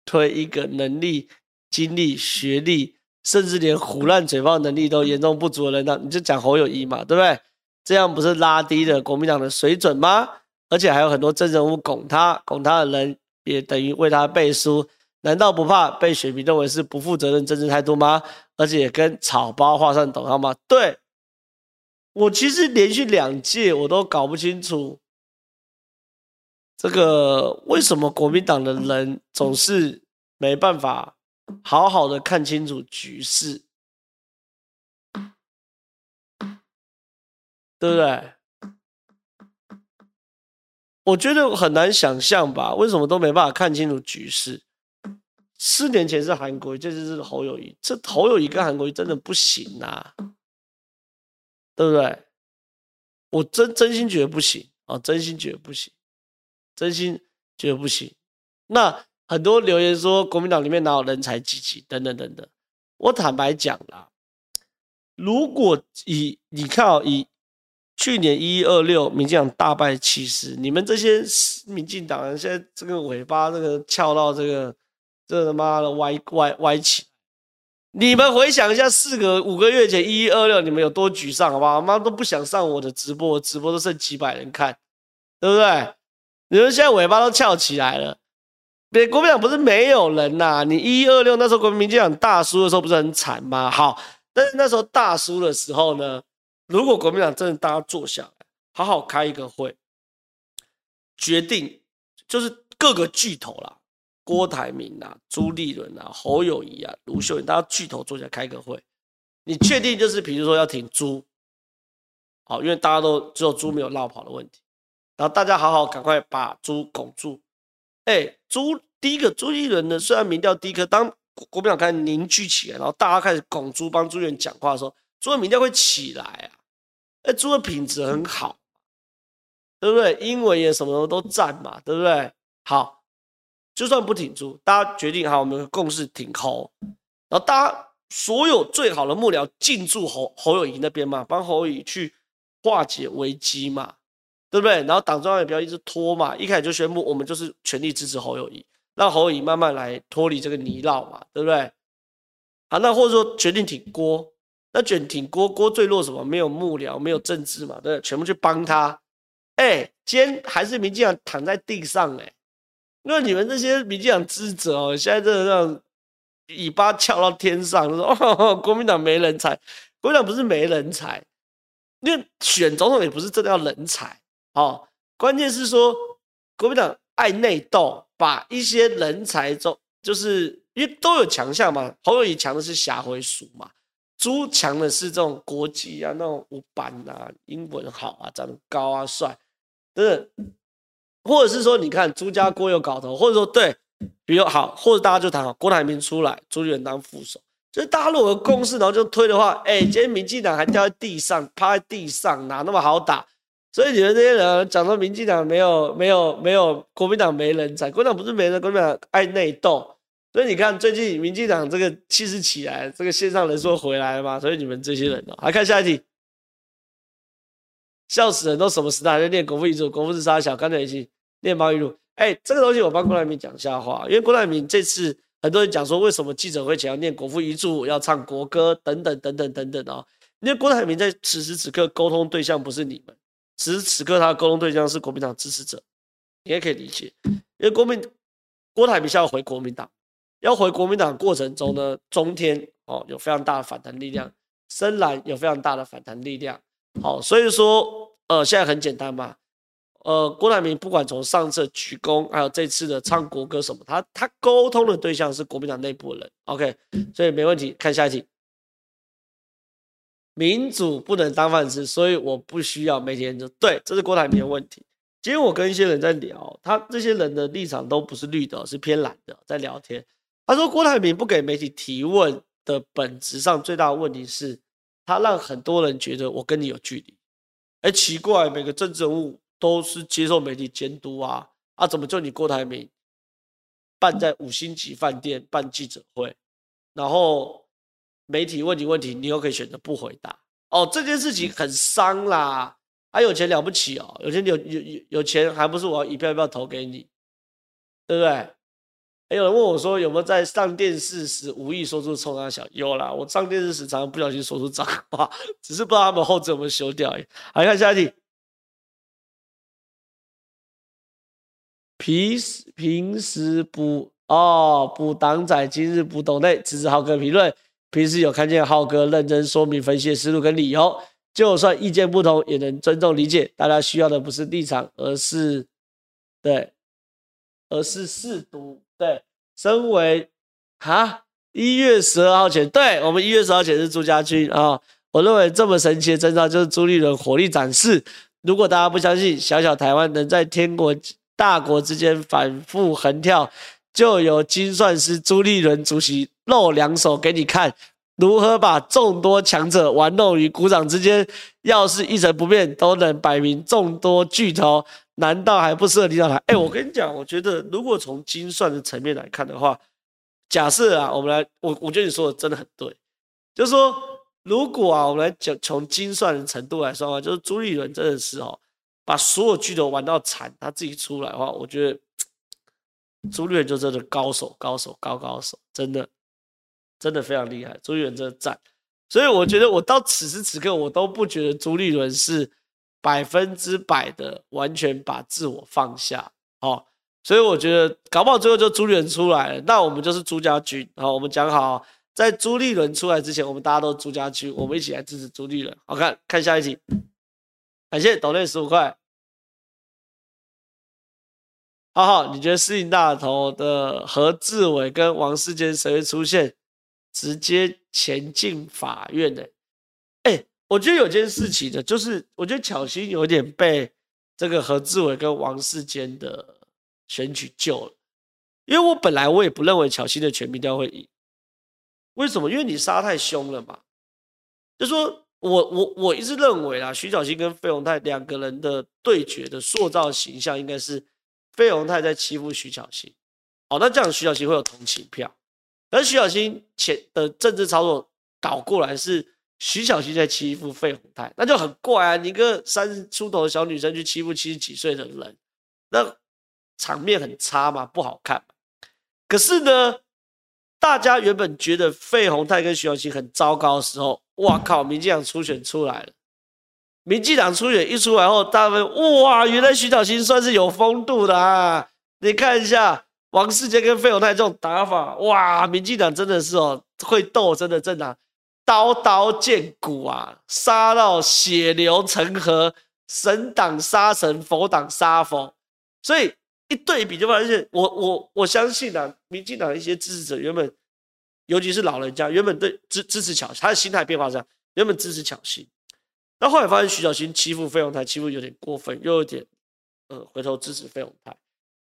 推一個能力、經歷、學歷，甚至連胡亂嘴砲能力都嚴重不足的人呢？你就講侯友宜嘛，對不對？這樣不是拉低了國民黨的水準嗎？而且還有很多政治人物拱他，拱他的人也等於為他背書，難道不怕被選民認為是不負責任政治態度嗎？而且也跟草包畫上等號嗎？對，我其實連續兩屆我都搞不清楚，這個為什麼國民黨的人總是沒辦法好好的看清楚局勢？對不對？我覺得很難想象吧，為什麼都沒辦法看清楚局勢？四年前是韓國瑜，這次是侯友宜，這侯友宜跟韓國瑜真的不行啊，對不對？我真真心覺得不行啊、哦，真心覺得不行，真心覺得不行。那很多留言說國民黨裡面哪有人才濟濟等等等等，我坦白講啦，如果以你看、哦、以。去年一一二六，民進黨大敗氣勢，你們這些民進黨人現在這個尾巴這個翹到這個，這他、個、媽的，的歪歪歪起！你們回想一下，四個五個月前一一二六，你們有多沮喪好不好？媽都不想上我的直播，直播都剩幾百人看，對不對？你們現在尾巴都翹起來了。國民黨不是沒有人吶、啊？你一一二六那時候國民民進黨大輸的時候，不是很慘嗎？好，但是那時候大輸的時候呢？如果國民黨真的大家坐下來，好好開一個會，決定就是各個巨頭啦，郭台銘啊、朱立倫啊、侯友宜啊、盧秀燕，大家巨頭坐下來開個會，你確定就是比如說要挺朱，好，因為大家都只有朱沒有落跑的問題，然後大家好好趕快把朱拱住。哎，朱、欸、第一個朱立倫呢，雖然民調低，可當國民黨開始凝聚起來，然後大家開始拱朱，幫朱元講話的時候，朱的民調會起來啊。哎，朱的品質很好，對不對？英文也什麼都贊嘛，對不對？好，就算不挺朱，大家決定好，我們共識挺侯。然後大家所有最好的幕僚進駐侯侯友宜那邊嘛，幫侯友宜去化解危機嘛，對不對？然後黨中央也不要一直拖嘛，一開始就宣布我們就是全力支持侯友宜，讓侯友宜慢慢來脫離這個泥淖嘛，對不對？好，那或者說決定挺郭。那卷挺郭，郭最弱什麼？沒有幕僚，沒有政治嘛，對，全部去幫他。哎、欸，今天還是民進黨躺在地上。哎、欸。那你們這些民進黨支持者哦，現在真的讓尾巴翹到天上，說、哦哦、國民黨沒人才。國民黨不是沒人才，因為選總統也不是真的要人才哦，關鍵是說國民黨愛內鬥，把一些人才中，就是因為都有強項嘛。侯友宜強的是下回數嘛。朱強的是這種國際啊，那種武板啊，英文好啊，長得高啊，帥，等等。或者是說，你看朱家鍋有搞頭，或者說對，比如好，或者大家就談好，郭台銘出來，朱立倫當副手，就大家如果有共識，然後就推的話，哎、欸，今天民進黨還掉在地上，趴在地上，哪那麼好打？所以你們這些人講、啊、說民進黨沒有沒有沒有，國民黨沒人才，國民黨不是沒人國民黨愛內鬥。所以你看，最近民進黨這個氣勢起來，這個線上人數回來了嘛？所以你們這些人哦，來看下一題。笑死人！都什麼時代還在念國父遺囑？國父是啥小，小剛才已經念毛語錄。哎，這個東西我幫郭台銘講一下話，因為郭台銘這次很多人講說，為什麼記者會想要念國父遺囑，要唱國歌等等等等等等啊、哦？因為郭台銘在此時此刻溝通對象不是你們，此時此刻他的溝通對象是國民黨支持者，你也可以理解。因為國民郭台銘是要回國民黨。要回國民黨過程中呢，中天哦有非常大的反彈力量，深藍有非常大的反彈力量，好、哦，所以說呃現在很簡單嘛，呃郭台銘不管從上次鞠躬，還有這次的唱國歌什麼，他他溝通的對象是國民黨內部的人，OK，所以沒問題。看下一題，民主不能當飯吃，所以我不需要每天就對，這是郭台銘的問題。今天我跟一些人在聊，他這些人的立場都不是綠的，是偏藍的，在聊天。他說：“郭台銘不給媒體提問的本質上最大的問題是，他讓很多人覺得我跟你有距離。哎，奇怪，每個政治人物都是接受媒體監督啊，啊，怎麼就你郭台銘，辦在五星級飯店辦記者會，然後媒體問你問題，你又可以選擇不回答。哦，這件事情很傷啦。啊，有錢了不起哦，有錢有有有有錢，還不是我要一票一票投給你，對不對？”欸、有人問我說：“有沒有在上電視時無意說出衝三小？”有啦，我上電視時常常不小心說出髒話，只是不知道他們後制怎麼修掉、欸。來看下一題。平時平時不哦不擋仔，今日不懂內支持浩哥評論。平時有看見浩哥認真說明分析的思路跟理由，就算意見不同，也能尊重理解。大家需要的不是立場，而是對，而是適度。對，身為啊一月十二號前，對我們一月十二號前是朱家軍啊、哦，我認為這麼神奇的徵兆就是朱立倫火力展示。如果大家不相信小小台灣能在天國大國之間反復橫跳，就由精算師朱立倫主席露兩手給你看，如何把眾多強者玩弄於股掌之間。要是一成不變，都能擺明眾多巨頭。難道還不適合李兆楠？哎、欸，我跟你講，我覺得如果從精算的層面來看的話，假設啊，我們來，我我覺得你說的真的很對，就是說，如果啊，我們來講從精算的程度來說的話，就是朱立倫真的是哦，把所有巨頭玩到慘，他自己出來的話，我覺得朱立倫就真的高手，高手，高高手，真的，真的非常厲害，朱立倫真的讚。所以我覺得我到此時此刻，我都不覺得朱立倫是。百分之百的完全把自我放下哦，所以我覺得搞不好最後就朱立倫出來了，那我們就是朱家軍，然後我們講好，在朱立倫出來之前，我們大家都是朱家軍，我們一起來支持朱立倫。好，看看下一題，感謝斗內十五塊。好好，你覺得四億大頭的何志偉跟王世堅誰會出現，直接前進法院的？哎、欸。我覺得有件事情呢，就是我覺得巧芯有點被這個何志偉跟王世堅的選舉救了，因為我本來我也不認為巧芯的全民調會贏，為什麼？因為你殺太凶了嘛。就說我我我一直認為啊，徐巧芯跟費鴻泰兩個人的對決的塑造形象應該是費鴻泰在欺負徐巧芯好，哦，那這樣徐巧芯會有同情票，但徐巧芯前的政治操作倒過來是，徐巧芯在欺負費鴻泰，那就很怪啊！你一個三十出頭的小女生去欺負七十幾歲的人，那場面很差嘛，不好看。可是呢，大家原本覺得費鴻泰跟徐巧芯很糟糕的時候，哇靠！民進黨初選出來了，民進黨初選一出來後，大家們哇，原來徐巧芯算是有風度的啊！你看一下王世堅跟費鴻泰這種打法，哇！民進黨真的是哦，會鬥真的政黨，啊。刀刀見骨啊，殺到血流成河，神擋殺神，佛擋殺佛，所以一對比就發現，我我我相信啊，民進黨的一些支持者原本，尤其是老人家，原本對支支持巧芯，他的心態變化是這樣，原本支持巧芯，那後，後來發現徐巧芯欺負費鴻泰，欺負有點過分，又有點，呃，回頭支持費鴻泰，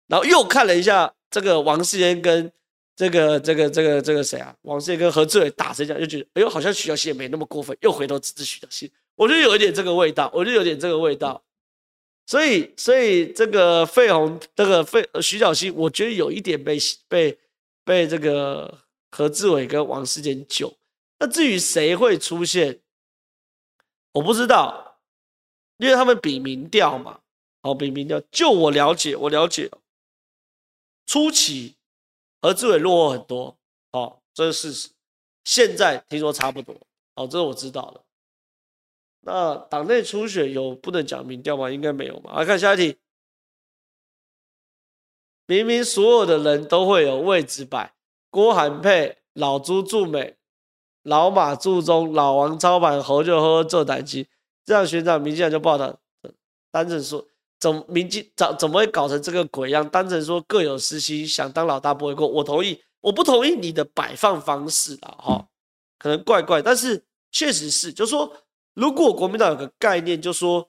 然後又看了一下這個王世堅跟，這個這個這個這個誰啊？王世堅跟何志偉大聲講，就覺得哎呦，好像徐巧芯也沒那麼過分，又回頭支持徐巧芯，我覺得有一點這個味道，我覺得有一點這個味道。所以，所以這個費鴻，這個費徐巧芯，我覺得有一點被被被這個何志偉跟王世堅救。那至於誰會出現，我不知道，因為他們比民調嘛，好比民調，就我了解，我了解，初期。何志偉落後很多，好、哦，這是事實。現在聽說差不多，好、哦，這是我知道的。那黨內初選有不能講民調嗎？應該沒有吧？來看下一題。明明所有的人都會有位置擺，郭韓配、老朱駐美、老馬駐中、老王操盤，侯就呵做膽機，這樣選長明顯就報道單擔數怎麼民進怎怎麼會搞成這個鬼樣？單純說各有私心，想當老大不為過。我同意，我不同意你的擺放方式啦，哈、哦，可能怪怪，但是確實是，就說如果國民黨有個概念，就說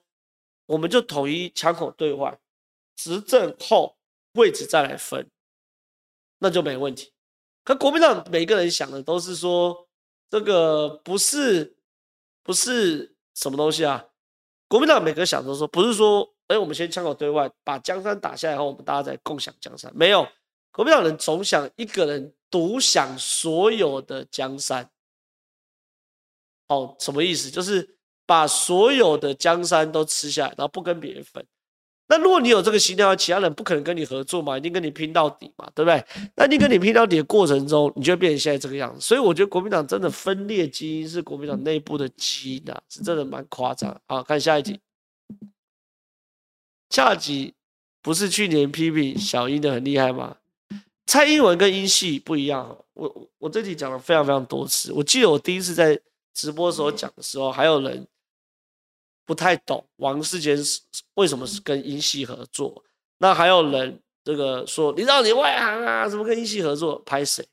我們就統一槍口對外，執政後位置再來分，那就沒問題。可國民黨每個人想的都是說，這個不是，不是什麼東西啊？國民黨每個人想都說不是說。所以、欸、我們先槍口對外，把江山打下來以後，我們大家再共享江山。沒有，國民黨人總想一個人獨享所有的江山。哦，什麼意思？就是把所有的江山都吃下來，然後不跟別人分。那如果你有這個心態，其他人不可能跟你合作嘛，一定跟你拼到底嘛，對不對？那你跟你拼到底的過程中，你就會變成現在這個樣子。所以我覺得國民黨真的分裂基因是國民黨內部的基因啊，是真的蠻誇張。好，看下一集。下集不是去年批評小英的很厲害嗎？蔡英文跟英系不一樣，我我這集講了非常非常多次。我記得我第一次在直播時候講的時候，還有人不太懂王世堅是為什麼是跟英系合作。那還有人這個說你知道你外行啊，什麼跟英系合作拍誰？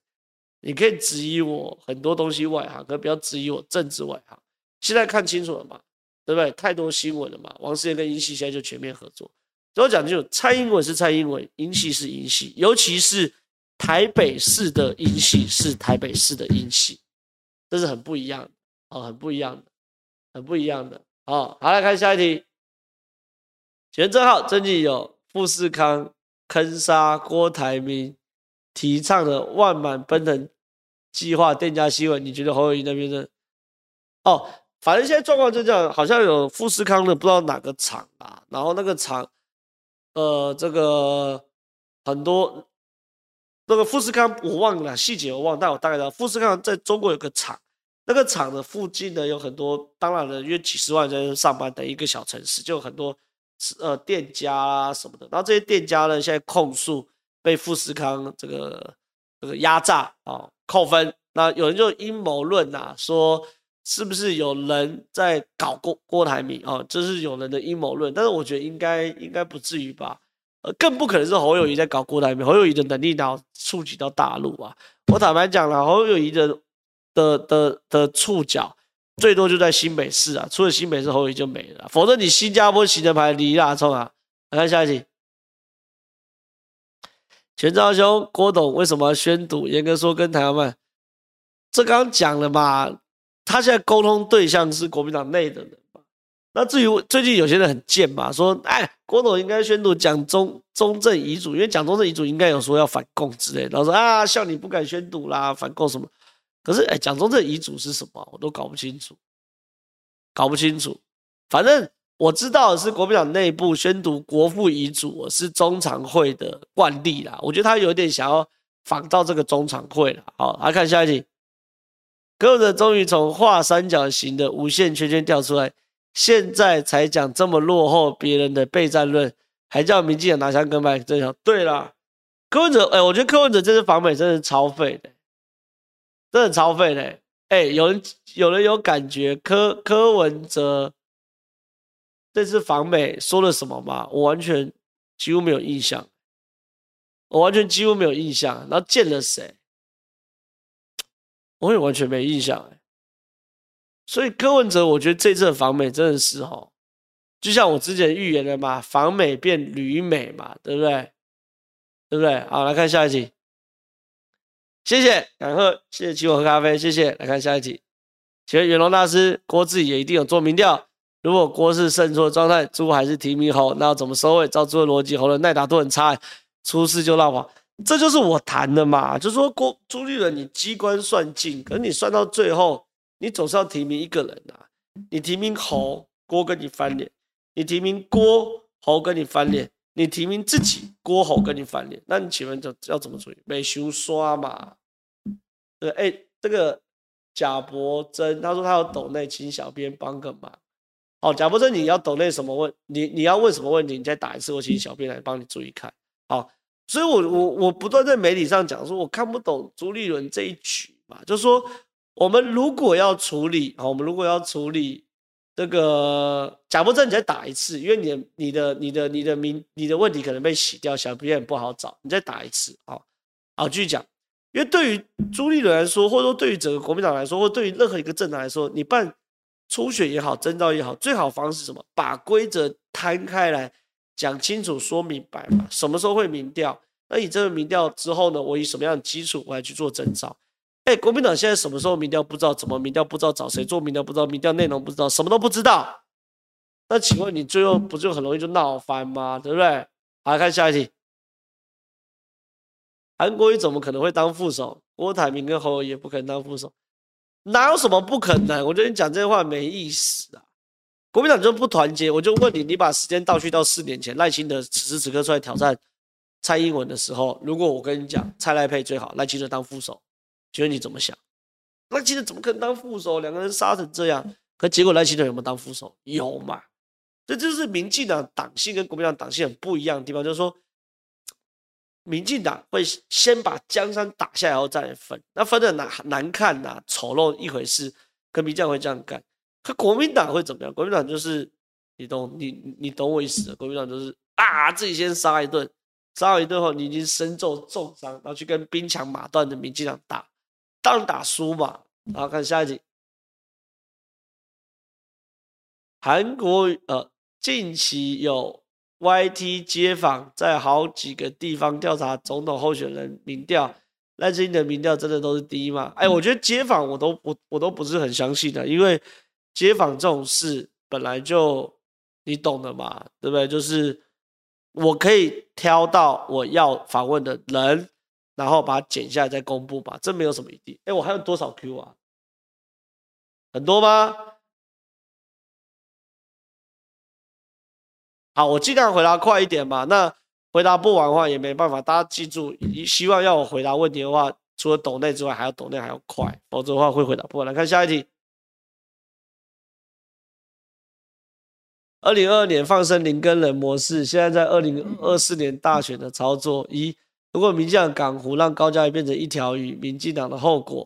你可以質疑我很多東西外行，可不要質疑我政治外行。現在看清楚了嗎？對不對？太多新聞了嘛。王世堅跟英系現在就全面合作。都要講清楚，就是，蔡英文是蔡英文，英系是英系，尤其是台北市的英系是台北市的英系，這是很不一樣的哦，很不一樣的，很不一樣的。哦、好，好來看下一題。請問正皓，最近有富士康坑殺郭台銘，提倡的萬馬奔騰計劃店家新聞，你覺得侯友宜那邊呢？哦。反正現在狀況就這樣，好像有富士康的不知道哪個廠啊，然後那個廠，呃，這個很多，那個富士康我忘了細節，我忘了，但我大概知道富士康在中國有個廠，那個廠的附近呢有很多，當然了，約幾十萬人上班的一個小城市，就有很多呃店家啊什麼的。然後這些店家呢，現在控訴被富士康這個這個壓榨啊、哦，扣分。那有人就陰謀論啊，說。是不是有人在搞郭郭台銘啊？這、哦就是有人的陰謀論，但是我覺得應該應該不至於吧，更不可能是侯友宜在搞郭台銘。侯友宜的能力哪觸及到大陸啊？我坦白講了，侯友宜的的的的觸角最多就在新北市啊，除了新北市，侯友宜就沒了。否則你新加坡行的牌，你大衝啊？來看下一題。錢昭兄，郭董為什麼要宣讀？嚴格說，跟台灣這剛講了嘛？他現在溝通對象是國民黨內的人吧？那至於最近有些人很賤嘛，說哎，郭董應該宣讀蔣中中正遺囑，因為蔣中正遺囑應該有說要反共之類的，然後說啊，像你不敢宣讀啦，反共什麼？可是哎，蔣、欸、中正遺囑是什麼？我都搞不清楚，搞不清楚。反正我知道是國民黨內部宣讀國父遺囑，我是中常會的慣例啦。我覺得他有點想要仿照這個中常會啦。好，來看下一題。柯文哲終於從畫三角形的無限圈圈掉出來，現在才講這麼落後別人的備戰論，還叫民進黨拿槍跟拍這條。對啦，柯文哲，哎、欸，我覺得柯文哲這次訪美真是超廢的，真的超廢的、欸。哎、欸，有人有人有感覺柯柯文哲這次訪美說了什麼嗎？我完全幾乎沒有印象，我完全幾乎沒有印象。然後見了誰？我也完全沒印象哎，所以柯文哲我覺得這次的訪美真的是吼，就像我之前預言的嘛，訪美變旅美嘛，對不對？對不對？好，來看下一集，謝謝，感謝，謝謝請我喝咖啡，謝謝，來看下一集。請問，袁龍大師，郭自己也一定有做民調，如果郭是勝出的狀態，朱還是提名猴，那要怎麼收尾？照朱的邏輯，猴的耐打度很差，出事就落跑。這就是我談的嘛，就是說郭朱立倫，你機關算盡，可是你算到最後，你總是要提名一個人啊。你提名侯郭跟你翻臉，你提名郭侯跟你翻臉，你提名自己郭侯跟你翻臉，那你請問這要怎麼處理？沒修刷嘛？對、呃，哎，這個賈伯珍，他說他要抖內，請小編幫個忙。好、哦，賈伯珍，你要抖內什麼問？你你要問什麼問題？你再打一次，我請小編來幫你注意看。好、哦。所以我，我我我不斷在媒體上講說，我看不懂朱立倫這一曲嘛，就是說，我們如果要處理，好、哦，我們如果要處理這個，假不正你再打一次，因為你的、你的、你的、你的名、你的問題可能被洗掉，想必不好找，你再打一次，好、哦，好、啊，繼續講。因為對於朱立倫來說，或者說對於整個國民黨來說，或者對於任何一個政黨來說，你辦初選也好，徵召也好，最好方式是什麼？把規則攤開來。講清楚，說明白嘛？什麼時候會民調？那以這個民調之後呢？我以什麼樣的基礎，我還去做徵召？哎，國民黨現在什麼時候民調不知道，怎麼民調不知道，找誰做民調不知道，民調內容不知道，什麼都不知道。那請問你最後不就很容易就鬧翻嗎？對不對？好，看下一題。韓國瑜怎麼可能會當副手？郭台銘跟侯友宜也不可能當副手，哪有什麼不可能？我覺得你講這些話沒意思啊。國民黨就不團結，我就問你，你把時間倒敘到四年前，賴清德此時此刻出來挑戰蔡英文的時候，如果我跟你講，蔡賴配最好，賴清德當副手，請問你怎麼想？賴清德怎麼可能當副手？兩個人殺成這樣，可結果賴清德有沒有當副手？有嘛？這就是民進黨黨性跟國民黨黨性很不一樣的地方，就是說，民進黨會先把江山打下來，然後再來分，那分的難難看吶、啊，醜陋一回事，跟民進黨會這樣幹。可國民黨會怎麼樣？國民黨就是，你懂，你你懂我意思。國民黨就是啊，自己先殺一頓，殺一頓後，你已經身受重傷，然後去跟兵強馬壯的民進黨打，當然打輸嘛。然後看下一集，韓國呃，近期有 YT 街訪在好幾個地方調查總統候選人民調，賴清德的民調真的都是第一嗎？嗯、哎，我覺得街訪我都不，我都不是很相信的，因為。街訪這種事本來就你懂的嘛，對不對？就是我可以挑到我要訪問的人，然後把它剪下來再公布吧，這沒有什麼疑義。哎，我還有多少 Q 啊？很多嗎？好，我盡量回答快一點嘛。那回答不完的話也沒辦法，大家記住，希望要我回答問題的話，除了抖內之外，還要抖內還要快，否則的話會回答不完。來看下一題。二零二二年放生林跟人模式，現在在二零二四年大選的操作：一，如果民進黨港湖讓高嘉瑜變成一條魚，民進黨的後果；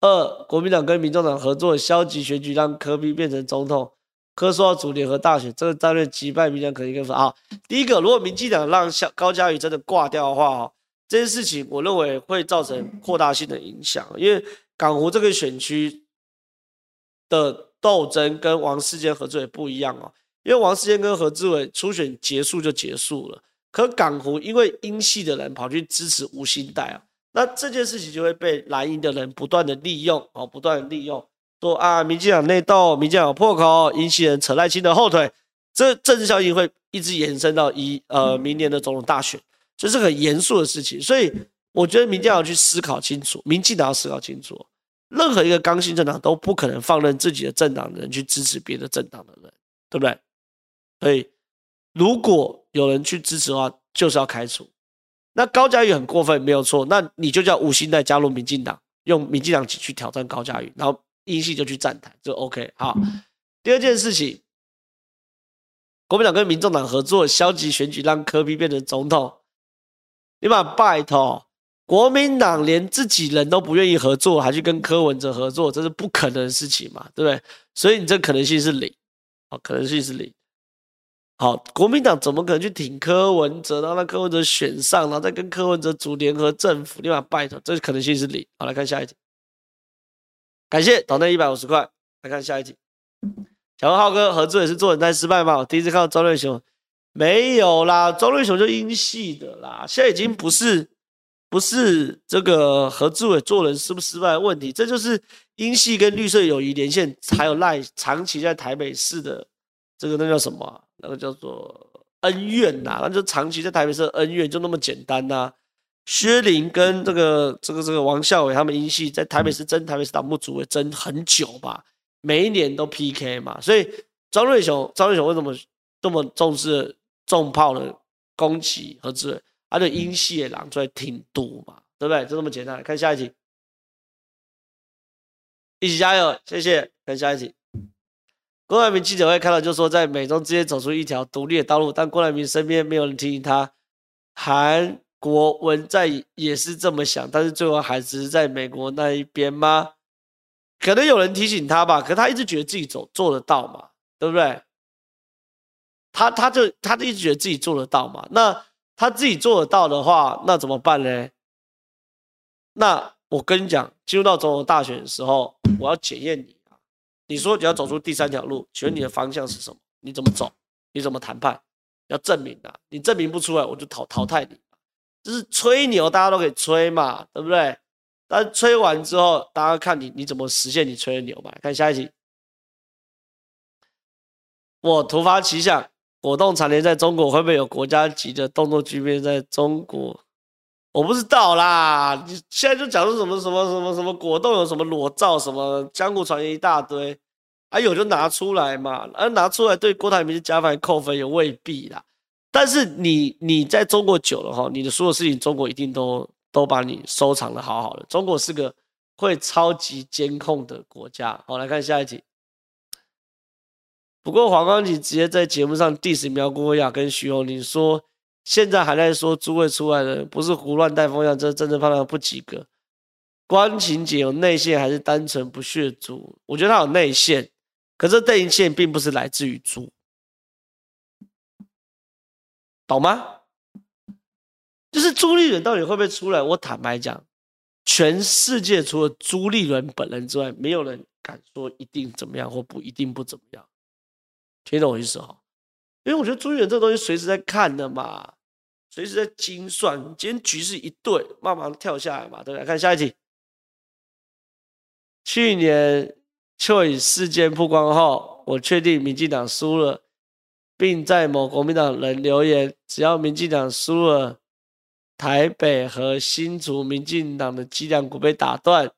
二，國民黨跟民眾黨合作消極選舉，讓柯 P 變成總統，科索奧組聯合大選，這個戰略擊敗民進黨可能性。啊。第一個，如果民進黨讓小高嘉瑜真的掛掉的話，這件事情我認為會造成擴大性的影響，因為港湖這個選區的。鬥爭跟王世堅何志偉不一樣哦，因為王世堅跟何志偉初選結束就結束了，可港湖因為英系的人跑去支持吳興代啊，那這件事情就會被藍營的人不斷的利用哦，不斷的利用說啊，民進黨內鬥，民進黨有破口，英系人扯賴清德後腿，這政治效應會一直延伸到一呃明年的總統大選，這，就是很嚴肅的事情，所以我覺得民進黨要去思考清楚，民進黨要思考清楚。任何一個剛性政黨都不可能放任自己的政黨的人去支持別的政黨的人，對不對？所以如果有人去支持的話，就是要開除。那高嘉瑜很過分，沒有錯。那你就叫吳欣岱加入民進黨，用民進黨去挑戰高嘉瑜，然後英系就去站台，就 OK。好，第二件事情，國民黨跟民眾黨合作，消極選舉讓柯 P 變成總統，你把拜託。國民黨連自己人都不願意合作，還去跟柯文哲合作，這是不可能的事情嘛，對不對？所以你這可能性是零，好，可能性是零。好，國民黨怎麼可能去挺柯文哲，然後讓柯文哲選上，然後再跟柯文哲組聯合政府，另外拜託，這可能性是零。好，來看下一題，感謝黨內一百五十塊，來看下一題。小文皓哥合作也是做人在失敗嘛？我第一次看到莊瑞雄，沒有啦，莊瑞雄就英系的啦，現在已經不是。不是這個何志偉做人失不失敗的問題，這就是英系跟綠色友誼連線，還有賴長期在台北市的這個那叫什麼、啊？那個叫做恩怨吶，那就長期在台北市恩怨就那麼簡單吶、啊。薛林跟這個這個這個王孝偉他們英系在台北市爭台北市黨部主委爭很久吧，每一年都 PK 嘛。所以張瑞雄，張瑞雄為什麼這麼重視重炮的攻擊何志偉？他、啊、的音系也朗出來挺多嘛，對不對？就這麼簡單。看下一集，一起加油，謝謝。看下一集。郭台銘記者會看到，就是說在美中之間走出一條獨立的道路，但郭台銘身邊沒有人提醒他，韓國文在也是這麼想，但是最後還是在美國那一邊嗎？可能有人提醒他吧，可他一直覺得自己走做得到嘛，對不對？他他就他就一直覺得自己做得到嘛，那。他自己做得到的話，那怎麼辦呢？那我跟你講，進入到總統大選的時候，我要檢驗你啊！你說你要走出第三條路，請問你的方向是什麼？你怎麼走？你怎麼談判？要證明啊！你證明不出來，我就淘淘汰你。就是吹牛，大家都可以吹嘛，對不對？但是吹完之後，大家看你你怎麼實現你吹的牛嘛？看下一題。我突發奇想。郭董常年在中國，會不會有國家級的動作局面在中國？我不知道啦。你現在就講說什麼什麼什麼什麼郭董有什麼裸照，什麼江湖傳言一大堆，還有就拿出來嘛、啊？而拿出來對郭台銘加分扣分也未必啦。但是你你在中國久了哈，你的所有事情中國一定都都把你收藏的好好的。中國是個會超級監控的國家。好，來看下一題。不過黃光芹直接在節目上 diss 苗國華跟徐宏林說，現在還在說朱會出來的，不是胡亂帶風向，這真正判斷不及格。光芹姐有內線還是單純不屑朱？我覺得他有內線，可是內線並不是來自於朱，懂嗎？就是朱立倫到底會不會出來？我坦白講，全世界除了朱立倫本人之外，沒有人敢說一定怎麼樣或不一定不怎麼樣。聽懂我意思哈、哦？因為我覺得朱立倫這個東西隨時在看的嘛，隨時在精算。今天局勢一對，慢慢跳下來嘛。對，來看下一題。去年邱穎事件曝光後，我確定民進黨輸了，並在某國民黨人留言：“只要民進黨輸了，台北和新竹民進黨的脊梁骨被打斷，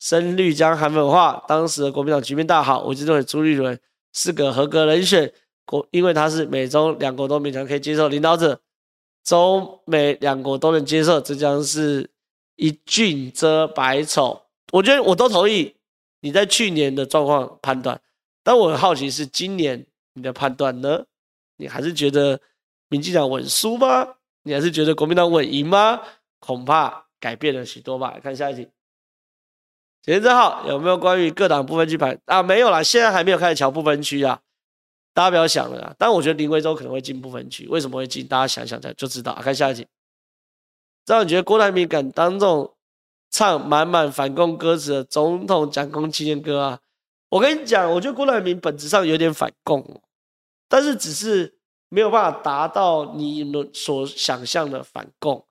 深綠將韓文化。”當時的國民黨局面大好，我就認為朱立倫。四個合格人選，國，因為他是美中兩國都勉強可以接受領導者，中美兩國都能接受，這將是一俊遮百醜。我覺得我都同意你在去年的狀況判斷，但我很好奇是今年你的判斷呢？你還是覺得民進黨穩輸嗎？你還是覺得國民黨穩贏嗎？恐怕改變了許多吧。看下一題。陳政浩有沒有關於各黨不分區排啊？沒有啦，現在還沒有開始喬不分區啊！大家不要想了啦。但我覺得林為洲可能會進不分區，為什麼會進？大家想想看就知道啊。看下一題。這樣你覺得郭台銘敢當眾唱滿滿反共歌詞的總統蔣公紀念歌啊？我跟你講，我覺得郭台銘本質上有點反共，但是只是沒有辦法達到你所想象的反共。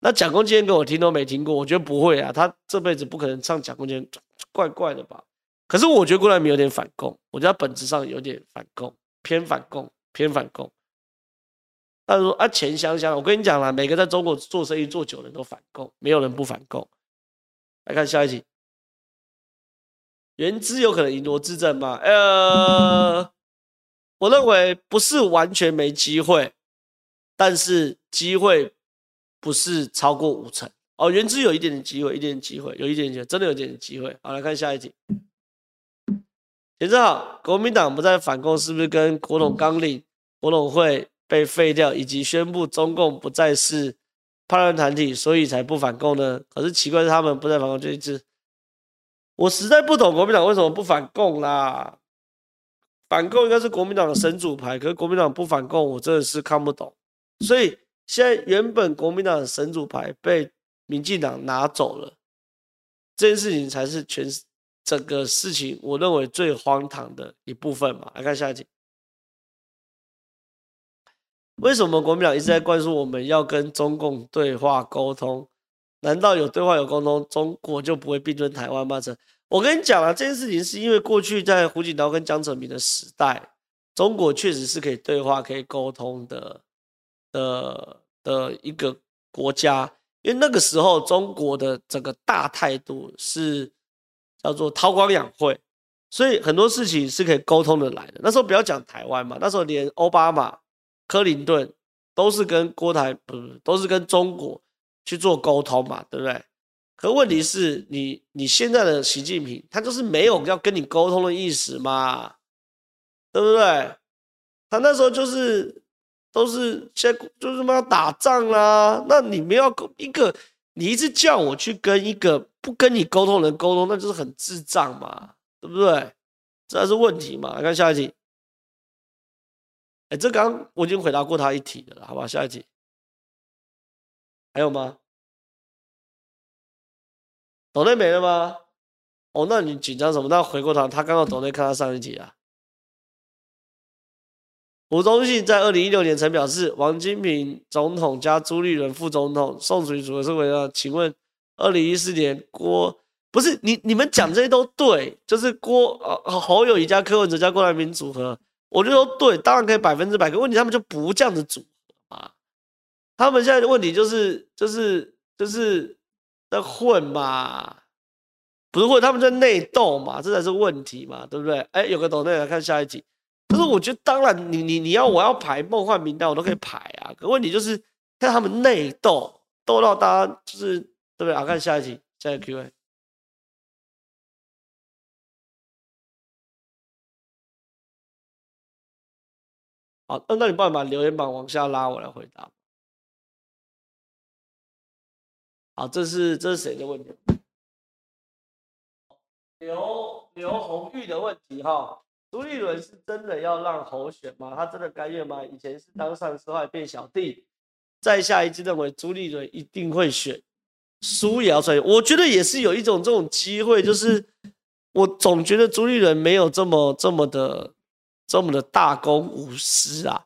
那蔣公紀念歌我聽都沒聽過，我覺得不會啊，他這輩子不可能唱蔣公紀念歌，怪怪的吧？可是我覺得郭台銘有點反共，我覺得他本質上有點反共，偏反共，偏反共。但是說啊錢香香，我跟你講啦，每個在中國做生意做久人都反共，沒有人不反共。來看下一題，原資有可能贏羅致政嗎？呃，我認為不是完全沒機會，但是機會。不是超過五成哦，原只有一點點機會，一點點機會，有一點點機會，真的有一點機會。好，來看下一題。先生好，國民黨不再反共，是不是跟國統綱領、國統會被廢掉，以及宣布中共不再是叛亂團體，所以才不反共呢？可是奇怪是，他們不再反共就一次，我實在不懂國民黨為什麼不反共啦？反共應該是國民黨的神主牌，可是國民黨不反共，我真的是看不懂。所以，現在原本國民黨的神主牌被民進黨拿走了，這件事情才是全整個事情我認為最荒唐的一部分嘛。來看下一題，為什麼國民黨一直在灌輸我們要跟中共對話溝通？難道有對話有溝通，中國就不會併吞台灣嗎？這，我跟你講啊，這件事情是因為過去在胡錦濤跟江澤民的時代，中國確實是可以對話可以溝通的。的的一個國家，因為那個時候中國的整個大態度是叫做韜光養晦,所以很多事情是可以溝通的來的。那時候不要講台灣嘛，那時候連奧巴馬、克林頓都是跟郭台不是，都是跟中國去做溝通嘛，對不對？可問題是你你現在的習近平，他就是沒有要跟你溝通的意思嘛，對不對？他那時候就是。都是現在就是嘛打仗啦，啊，那你沒有一個你一直叫我去跟一個不跟你溝通的人溝通，那就是很智障嘛，對不對？這還是問題嘛？來看下一題。哎，這剛剛我已經回答過他一題了，好吧？下一題還有嗎？董內沒了嗎？哦，那你緊張什麼？那回過頭，他剛剛董內，看他上一集啊。吳宗憲在二零一六年曾表示：“王金平總統加朱立倫副總統，宋主席組合是為呢？”請問，二零一四年郭不是你你們講這些都對，就是郭呃侯友宜加柯文哲加郭台銘組合，我覺得都對，當然可以百分之百個。可問題他們就不這樣子組合嘛？他們現在的問題就是就是就是在混嘛？不是混，他們在內鬥嘛？這才是問題嘛？對不對？哎，有個懂的來看下一題。可是我覺得，當然你，你你你要我要排夢幻名單，我都可以排啊。可問題就是，看他們內鬥，鬥到大家就是對不對？啊，看下一題，下一題 QA。好，那你幫我把留言板往下拉，我來回答。好，這是這是誰的問題？劉劉紅玉的問題哈。朱立倫是真的要讓侯選嗎？他真的甘願嗎？以前是當上司，還變小弟，在下一次認為朱立倫一定會選，輸也要選。我覺得也是有一種這種機會，就是我總覺得朱立倫沒有這麼這麼的這麼的大公無私啊，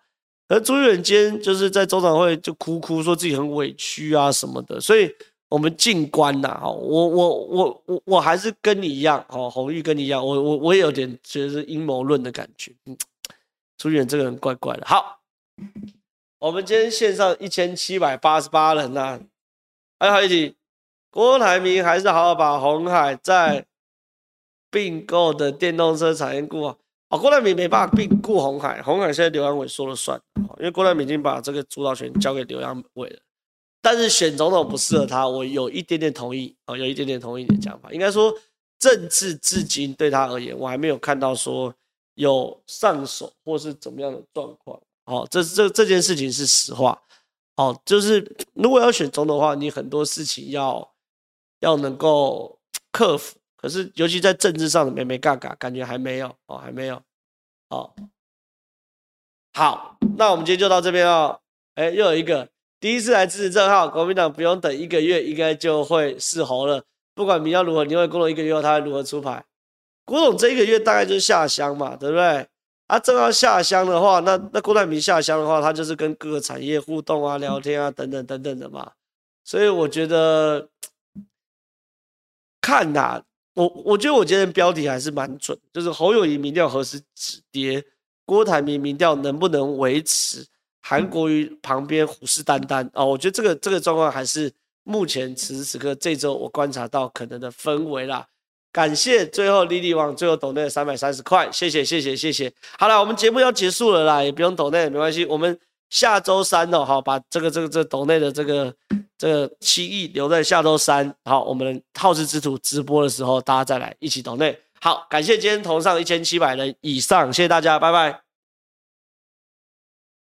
而朱立倫今天就是在中常會就哭哭，說自己很委屈啊什麼的，所以，我們靜觀吶，哈，我我我我我還是跟你一樣，哈，紅玉跟你一樣，我我我也有點覺得是陰謀論的感覺，嗯，朱遠這個人怪怪的。好，我們今天線上一千七百八十八人吶、啊，還、哎、有一起。郭台銘還是好好把鴻海在併購的電動車產業顧好、啊哦。郭台銘沒辦法併購鴻海，鴻海現在劉揚偉說了算，因為郭台銘已經把這個主導權交給劉揚偉了。但是選總統不適合他，我有一點點同意哦，有一點點同意你的講法。應該說，政治至今對他而言，我還沒有看到說有上手或是怎麼樣的狀況。哦，這這這件事情是實話。哦，就是如果要選總統的話，你很多事情要要能夠克服。可是，尤其在政治上的眉眉角角，感覺還沒有哦，還沒有。好，哦，好，那我們今天就到這邊哦。哎、欸，又有一個。第一次來支持正皓，國民黨不用等一個月，應該就會是侯了。不管民調如何，因為郭董一個月後他會如何出牌，郭董這一個月大概就是下鄉嘛，對不對？啊，正要下鄉的話，那那郭台銘下鄉的話，他就是跟各個產業互動啊、聊天啊等等等等的嘛。所以我覺得看吶、啊，我我覺得我今天的標題還是蠻準，就是侯友宜民調何時止跌，郭台銘民調能不能維持。韓國瑜旁邊虎視眈眈啊、哦，我覺得這個這個狀況還是目前此時此刻這週我觀察到可能的氛圍啦。感謝最後莉莉王最後抖內三百三十塊，謝謝謝謝謝謝。好了，我們節目要結束了啦，也不用抖內沒關係，我們下周三哦、喔，好把這個這個這個抖內的這個這個七億留在下周三，好，我們皓事之徒直播的時候大家再來一起抖內。好，感謝今天同上一千七百人以上，謝謝大家，拜拜。